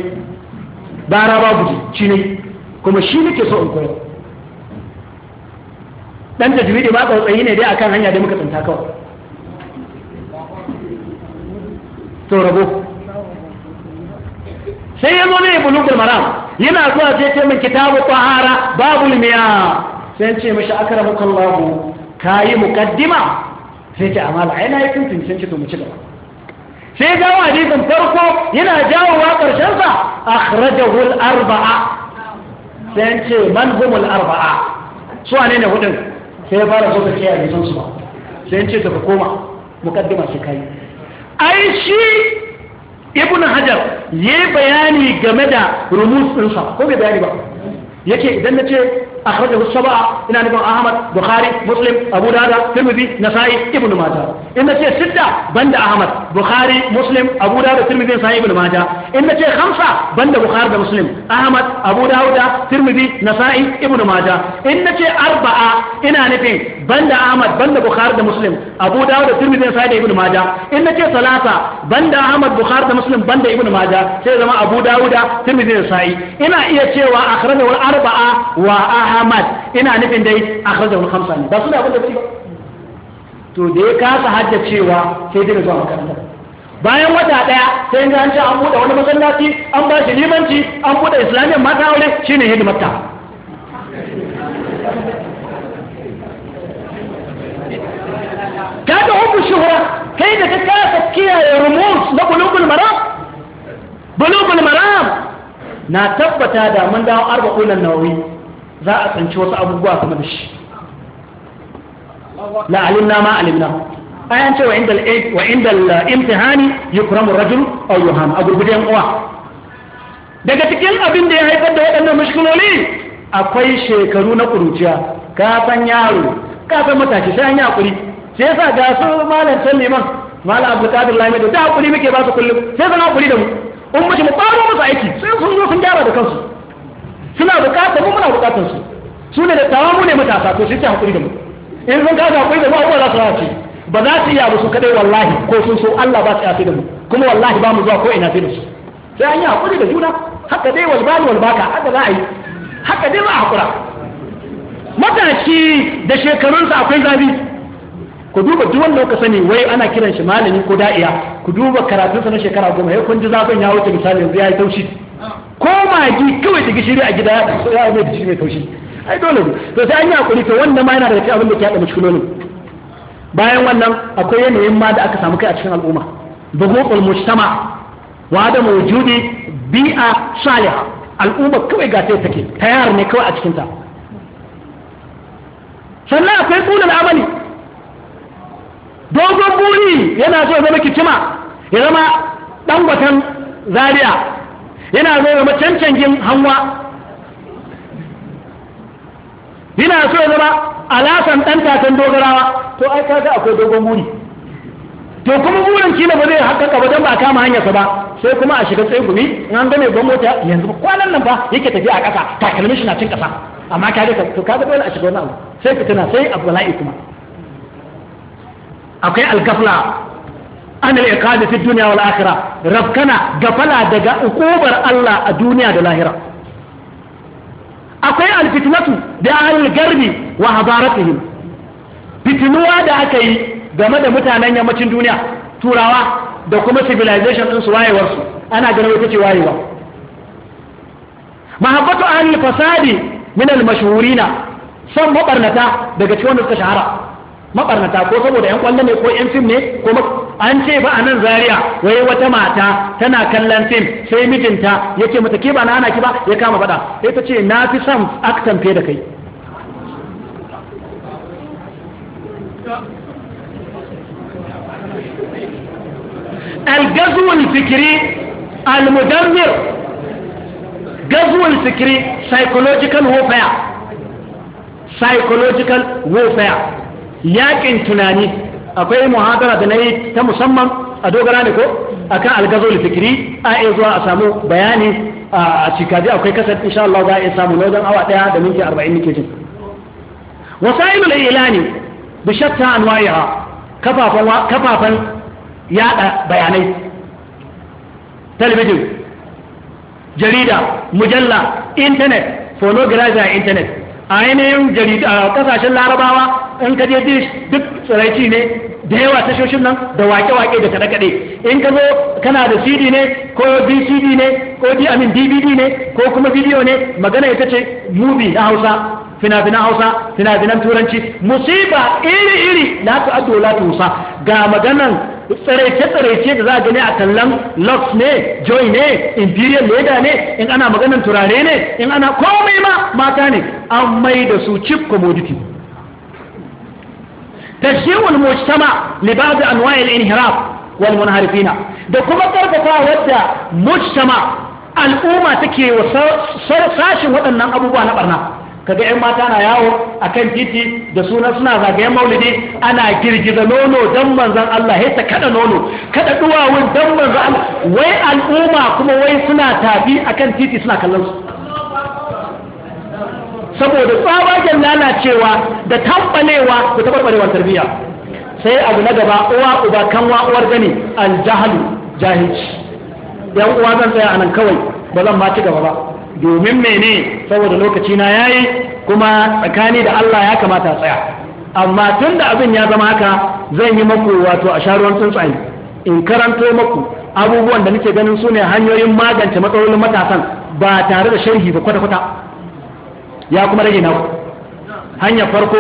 bara ba guji shi ne kuma shi nake so in koyo. dan tajwidi ba tsayi ne dai akan hanya dai muka tsinta kawai to rabo sai ya zo ne bulugul maram yana zuwa je ce min kitabu tahara babu limiya sai ce mishi akramaka Allah kayi muqaddima sai ce amma ai na yi tuntun sai ce to mu ci gaba sai ga hadisin farko yana jawo wa karshen sa akhrajahu al-arba'a sai ce man humul arba'a su ne ne hudun sai ya fara zo ta ce a bisan su ba sai ce ka koma muqaddima shi kai ai shi ibn hajar ya bayani game da rumus ɗinsa ko bai bayani ba yake idan nace akhrajahu sab'a ina nufin ahmad bukhari muslim abu dawud tirmidhi nasa'i ibnu majah in nace sitta banda ahmad bukhari muslim abu dawud tirmidhi nasa'i ibnu majah in nace khamsa banda da muslim ahmad abu dawud tirmidhi nasa'i ibnu majah arba'a ina nufin banda ahmad banda da muslim abu dawud da ibnu majah in nace salasa banda ahmad bukhari da muslim banda ibnu majah sai zama abu dawud tirmidhi nasa'i ina iya cewa akhrajahu arba'a Ahmad ina nufin dai akhrajahu khamsa ne ba su da abin da ba to da ya kasa haddacewa sai dai zuwa makaranta bayan wata daya sai ga an ce an buɗe wani masallaci an ba shi limanci an buɗe islamiyyar mata aure shine hidimarta kaga hukun shuhura kai da ta kasa kiyaye rumus na bulugul maram bulugul maram na tabbata da mun dawo arba'unan nawawi za a tsanci wasu abubuwa kuma da shi la alimna ma alimna bayan cewa inda wa inda al-imtihani yukramu rajul aw yuham a gurgudan uwa daga cikin abin da ya haifar da waɗannan mushkiloli akwai shekaru na kuruciya ka san yaro ka san matashi sai an yi hakuri sai yasa ga su malam san neman malam abu qadir lamido da hakuri muke ba su kullum sai san hakuri da mu ummati mu tsaro musu aiki sai sun zo sun gyara da kansu suna bukatar mu muna bukatar su su ne dattawa mu ne matasa to sai ta hakuri da mu in sun kasa hakuri da mu abubuwa za su race ba za su iya ba su kadai wallahi ko sun so Allah ba su yafe da mu kuma wallahi ba mu zuwa ko ina sai da su sai an yi hakuri da juna haka dai walbani walbaka haka za a yi haka dai za a hakura matashi da shekarunsa akwai zabi ku duba duk wanda ka sani wai ana kiran shi malami ko da'iya ku duba karatunsa na shekara goma ya kun ji zafin ya wuce misali yanzu ya yi taushi ko magi kawai da gishiri a gida ya mai gishiri mai taushi ai dole to sai an yi hakuri to wannan ma yana da cikin abin da ke haɗa ne bayan wannan akwai yanayin ma da aka samu kai a cikin al'umma dhuqul mujtama wa da wujudi bi'a salihah al'umma kawai ga ta take tayar ne kawai a cikin ta sannan akwai bulan amali dogon buri yana so zama kicima ya zama dangwatan zaria yana zo ga cancancin hanwa yana so ya zama alasan ɗan takan dogarawa to ai kaga akwai dogon buri to kuma burin kila ba zai haƙaƙa ba don ba kama hanyarsa ba sai kuma a shiga tsaye gumi in an ga mai gwamnati yanzu ba kwanan nan ba yake tafiya a ƙasa takalmin shi na cin ƙasa amma ka ka to ga dole a shiga wani abu sai fitina sai a bala'i kuma akwai alkafla an al-iqabi fi dunya wal akhirah rabkana gafala daga ukubar Allah a duniya da lahira akwai alfitnatu da ahlul garbi wa hadaratihim fitinuwa da aka yi game da mutanen yammacin duniya turawa da kuma civilization din su ana ganin wata ce wayewa mahabbatu ahlul fasadi min al-mashhurina son mabarnata daga cikin wanda suka shahara mabarnata ko saboda yan kwallo ne ko yan fim ne ko an ce ba a nan zaria wai wata mata tana kallon fim sai mijinta ya ce mata ke ba na ki ba ya kama faɗa sai ta ce na fi son aktan fe da kai algazuwan fikiri المدمر gazuwan fikiri psychological warfare psychological warfare yakin tunani akwai muhadara da na yi ta musamman a dogara ne ko akan algazol fikiri a iya zuwa a samu bayani a cikaji akwai kasar insha Allah za a iya samu wajen awa daya da minti arba'in nake jin wasailul ilani bi shatta anwa'iha kafafan kafafan yada bayanai talabijin jarida mujalla intanet phonographer intanet a yanayin kasashen larabawa in ka je dish duk tsiraici ne da yawa tashoshin nan da wake-wake da kaɗe-kaɗe in ka zo kana da cd ne ko dcd ne ko di amin dvd ne ko kuma bidiyo ne magana ita ce movie na hausa fina-finan hausa fina-finan turanci musiba iri-iri na ta addo la tusa ga maganan tsiraice-tsiraice da za a gani a kallon lux ne joy ne imperial leda ne in ana maganan turare ne in ana komai ma mata ne an mai da su cheap commodity تشجيع المجتمع لبعض أنواع الانحراف والمنحرفين da kuma karfafa wadda mujtama al'umma take wa sashin waɗannan abubuwa na barna kaga yan mata na yawo akan titi da suna suna zagayen maulidi ana girgiza nono dan manzon Allah ya ta kada nono kada duwawun dan manzon Allah wai al'umma kuma wai suna a akan titi suna kallon su saboda tsabagen lalacewa da tambalewa da tabarbarewar tarbiyya sai abu na gaba uwa uba kanwa uwar gani aljahalu jahilci yan uwa zan tsaya anan kawai ba zan mati gaba ba domin mene saboda lokaci na yayi kuma tsakani da Allah ya kamata tsaya amma tun da abin ya zama haka zan yi maku wato a sharuwan tsuntsaye in karanto maku abubuwan da nake ganin su ne hanyoyin magance matsalolin matasan ba tare da sharhi ba kwata-kwata ya kuma rage naku hanyar farko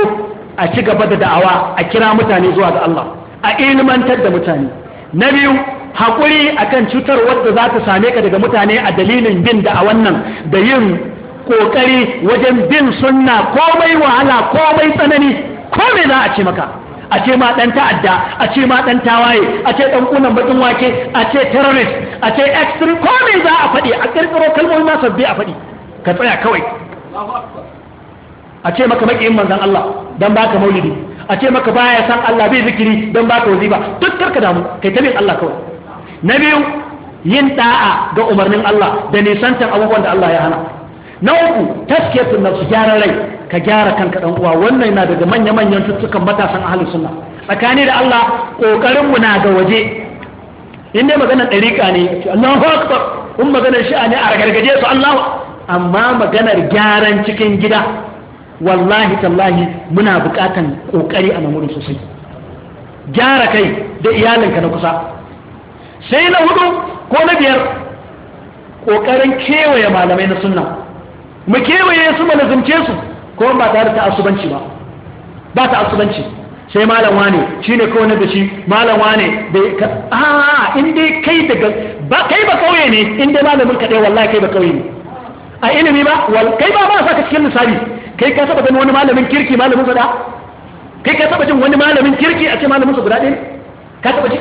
a ci gaba da da'awa a kira mutane zuwa ga Allah a ilmantar da mutane na biyu haƙuri akan cutar wadda za ta same ka daga mutane a dalilin bin da'awan nan da yin ƙoƙari wajen bin sunna komai wahala komai tsanani komai za a ce maka a ce ma ɗan ta'adda a ce ma ɗan tawaye a ce ɗan kunan bakin wake a ce terrorist a ce extreme komai za a faɗi a ƙirƙiro kalmomi ma sabbi a faɗi ka tsaya kawai a ce maka makiyin manzan Allah don baka maulidi a ce maka baya san Allah bai zikiri dan baka ba duk karka damu kai ta bin Allah kawai na biyu yin ɗa'a ga umarnin Allah da nisantan abubuwan da Allah ya hana na uku taskiyatun su gyaran rai ka gyara kanka dan uwa wannan na daga manya manyan tuttukan matasan ahlus sunna tsakani da Allah kokarin mu na ga waje in dai maganar dariƙa ne Allahu akbar in maganar shi'a ne a gargaje su Allah. amma maganar gyaran cikin gida wallahi tallahi muna buƙatan ƙoƙari a mamurin sosai gyara kai da iyalinka na kusa sai na hudu ko na biyar ƙoƙarin kewaye malamai na sunna mu kewaye su malazumce su ko ba ta ta asubanci ba ba ta asubanci sai malam wane shi ne kone da shi malam wane da ka a inda kai daga ba kai ba kauye ne inda malamin kaɗai wallahi kai ba kauye ne a ilimi ba wal kai ba ba sa ka cikin misali kai ka saba ganin wani malamin kirki malamin sa da kai ka saba jin wani malamin kirki a ce malamin sa guda ɗaya ka saba ji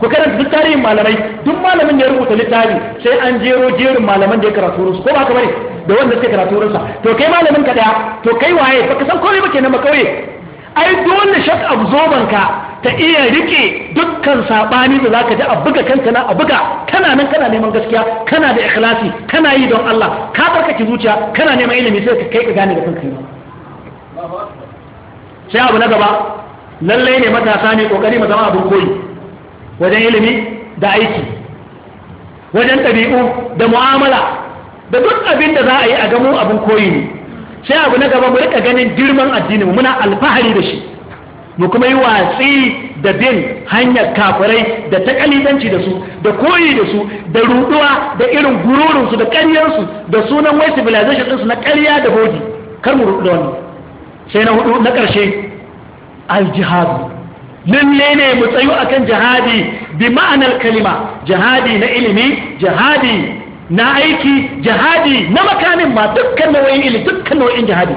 ku karanta duk tarihin malamai duk malamin ya rubuta littafi sai an jero jerin malaman da ya karatu wurinsu ko ba ka bane da wanda suke karatu wurinsa to kai malamin ka daya to kai waye baka san komai ba kenan ba kawai. ai dole shak zoben ka ta iya rike dukkan sabani da zaka ji a buga kankana na a buga kana nan kana neman gaskiya kana da ikhlasi kana yi don Allah ka ki zuciya kana neman ilimi sai ka kai ka gane da kanka sai abu na gaba lalle ne matasa ne kokari mu zama abin koyi wajen ilimi da aiki wajen ɗabi'u da mu'amala da duk abin da za a yi a gamo abin koyi ne sai abu na gaba mu rika ganin girman addinin muna alfahari da shi mu kuma yi watsi da bin hanyar kafirai da takalitanci da su da koyi da su da ruduwa da irin gururinsu da karyarsu da sunan wai civilization ɗinsu na ƙarya da bodi kar mu rudu wannan sai na hudu na ƙarshe aljihadu lalle ne mu tsayu akan jihadi bi ma'anar kalima jihadi na ilimi jihadi na aiki jihadi na makamin ma dukkan nau'in ili dukkan nau'in jihadi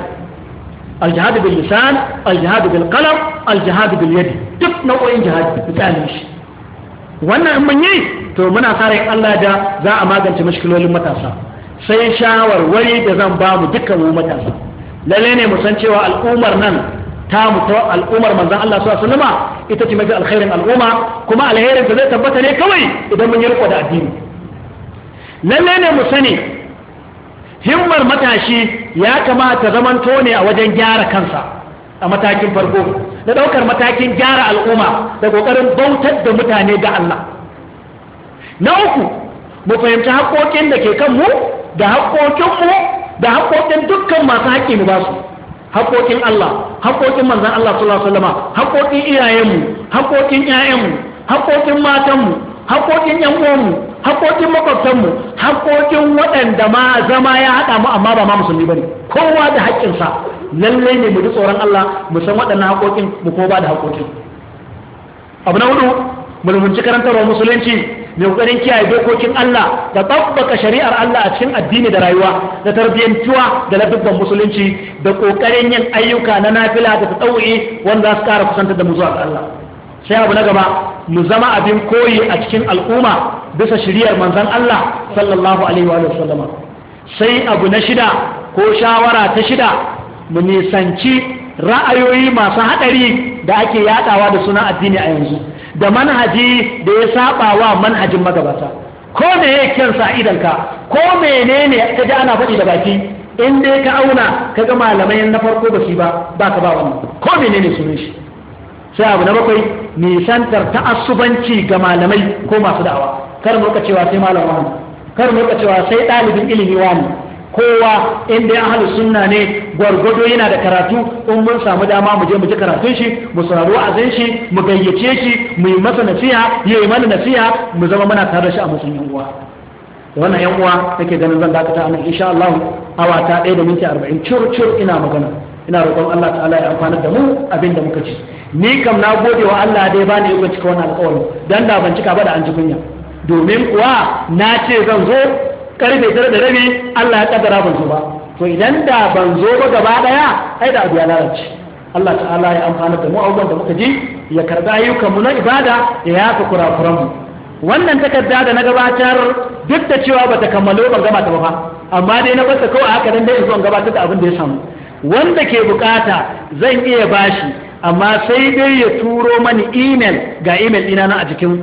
aljihadu bil lisan aljihadu bil qalam aljihadu bil yadi duk nau'o'in jihadi misalin shi wannan in mun yi to muna sa ran Allah da za a magance mashkilolin matasa sai shawarwari da zan ba mu dukkan mu matasa lalle ne mu san cewa al'ummar nan ta mutu al'ummar manzon Allah sallallahu alaihi wasallama ita ce mafi alkhairin al'umma kuma alherin da zai tabbata ne kawai idan mun yi riko da addini lalle ne mu sani himmar matashi ya kamata zamanto ne a wajen gyara kansa a matakin farko na ɗaukar matakin gyara al'umma da ƙoƙarin bautar da mutane ga Allah na uku mu fahimci haƙoƙin da ke kanmu da haƙoƙinmu da haƙoƙin dukkan masu haƙƙi mu ba su haƙoƙin Allah haƙoƙin manzon Allah sallallahu alaihi wasallam haƙoƙin iyayenmu haƙoƙin ƴaƴanmu haƙoƙin matanmu haƙoƙin yan uwanmu haƙoƙin makwabtanmu haƙoƙin waɗanda ma zama ya haɗa mu amma ba ma musulmi ne kowa da haƙƙinsa lallai ne mu ji tsoron Allah mu san waɗannan haƙoƙin mu ko ba da haƙoƙin abu na hudu mulmunci wa musulunci mai kokarin kiyaye dokokin Allah da tabbaka shari'ar Allah a cikin addini da rayuwa da tarbiyyantuwa da ladabban musulunci da kokarin yin ayyuka na nafila da tsawuyi wanda za su kara kusantar da mu zuwa ga Allah sai abu na gaba mu zama abin koyi a cikin al'umma bisa shiriyar manzon Allah sallallahu alaihi wa sallama sai abu na shida ko shawara ta shida mu nisanci ra'ayoyi masu haɗari da ake yaɗawa da sunan addini a yanzu da manhaji da ya saba wa manhajin magabata ko da yake kyansa ka ko menene ka ji ana faɗi da baki in dai ka auna ka ga malamai na farko ba su ba ba ka ba wannan ko menene sunan shi sai abu na bakwai nisantar ta'assubanci ga malamai ko masu da'awa kar mu rika cewa sai malam wani kar mu rika cewa sai ɗalibin ilimi wani kowa inda ya ahlu sunna ne gwargwado yana da karatu in mun samu dama mu je mu ji karatun shi mu saurari wa'azin shi mu gayyace shi mu yi masa nasiha ya yi mana nasiha mu zama muna tare da shi a matsayin uwa wannan yan uwa take ganin zan dakata nan insha Allah awa ta 1 da minti arba'in cur cur ina magana ina roƙon Allah ta'ala ya amfana da mu abin da muka ci ni kam na gode wa Allah dai ba ni ikon cika wannan alƙawarin dan da ban cika ba da an ji kunya domin kuwa na ce zan zo karfe tare da rabi Allah ya kaddara ban zo ba to idan da ban zo ba gaba daya ai da abu ya lalace Allah ta'ala ya amfana da mu abubuwan da muka ji ya karɓi ayyukan mu na ibada ya yafa kurakuran mu wannan takarda da na gabatar duk da cewa bata kammalo ban gama ta ba amma dai na bata kawai haka dan dai in zo gabatar da abin da ya samu wanda ke bukata zan iya bashi amma sai dai ya turo mani email ga email ɗina na a jikin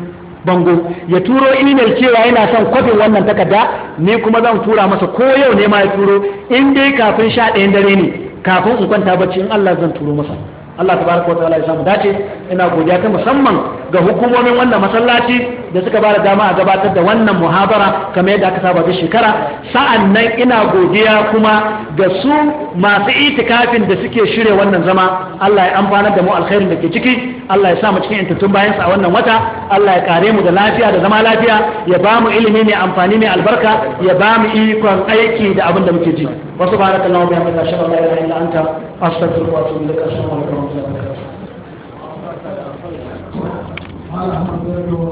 bango ya turo email cewa yana son kwafin wannan takarda ni kuma zan tura masa ko yau ne ma ya turo in dai kafin sha ɗayan dare ne kafin in kwanta bacci in Allah zan turo masa Allah tabaraka wa ta'ala ya samu dace ina godiya ta musamman ga hukumomin wannan masallaci da suka bada dama a gabatar da wannan muhabara kamar yadda aka saba duk shekara sa'an nan ina godiya kuma ga su masu itikafin da suke shirya wannan zama Allah ya amfanar da mu alkhairin da ke ciki Allah ya sa mu cikin intattun bayan sa a wannan wata Allah ya kare mu da lafiya da zama lafiya ya ba mu ilimi mai amfani mai albarka ya ba mu ikon aiki da abin da muke ji wa subhanakallahu wa bihamdika ashhadu an la ilaha illa anta astaghfiruka wa atubu ilaik assalamu alaikum wa rahmatullahi wa barakatuh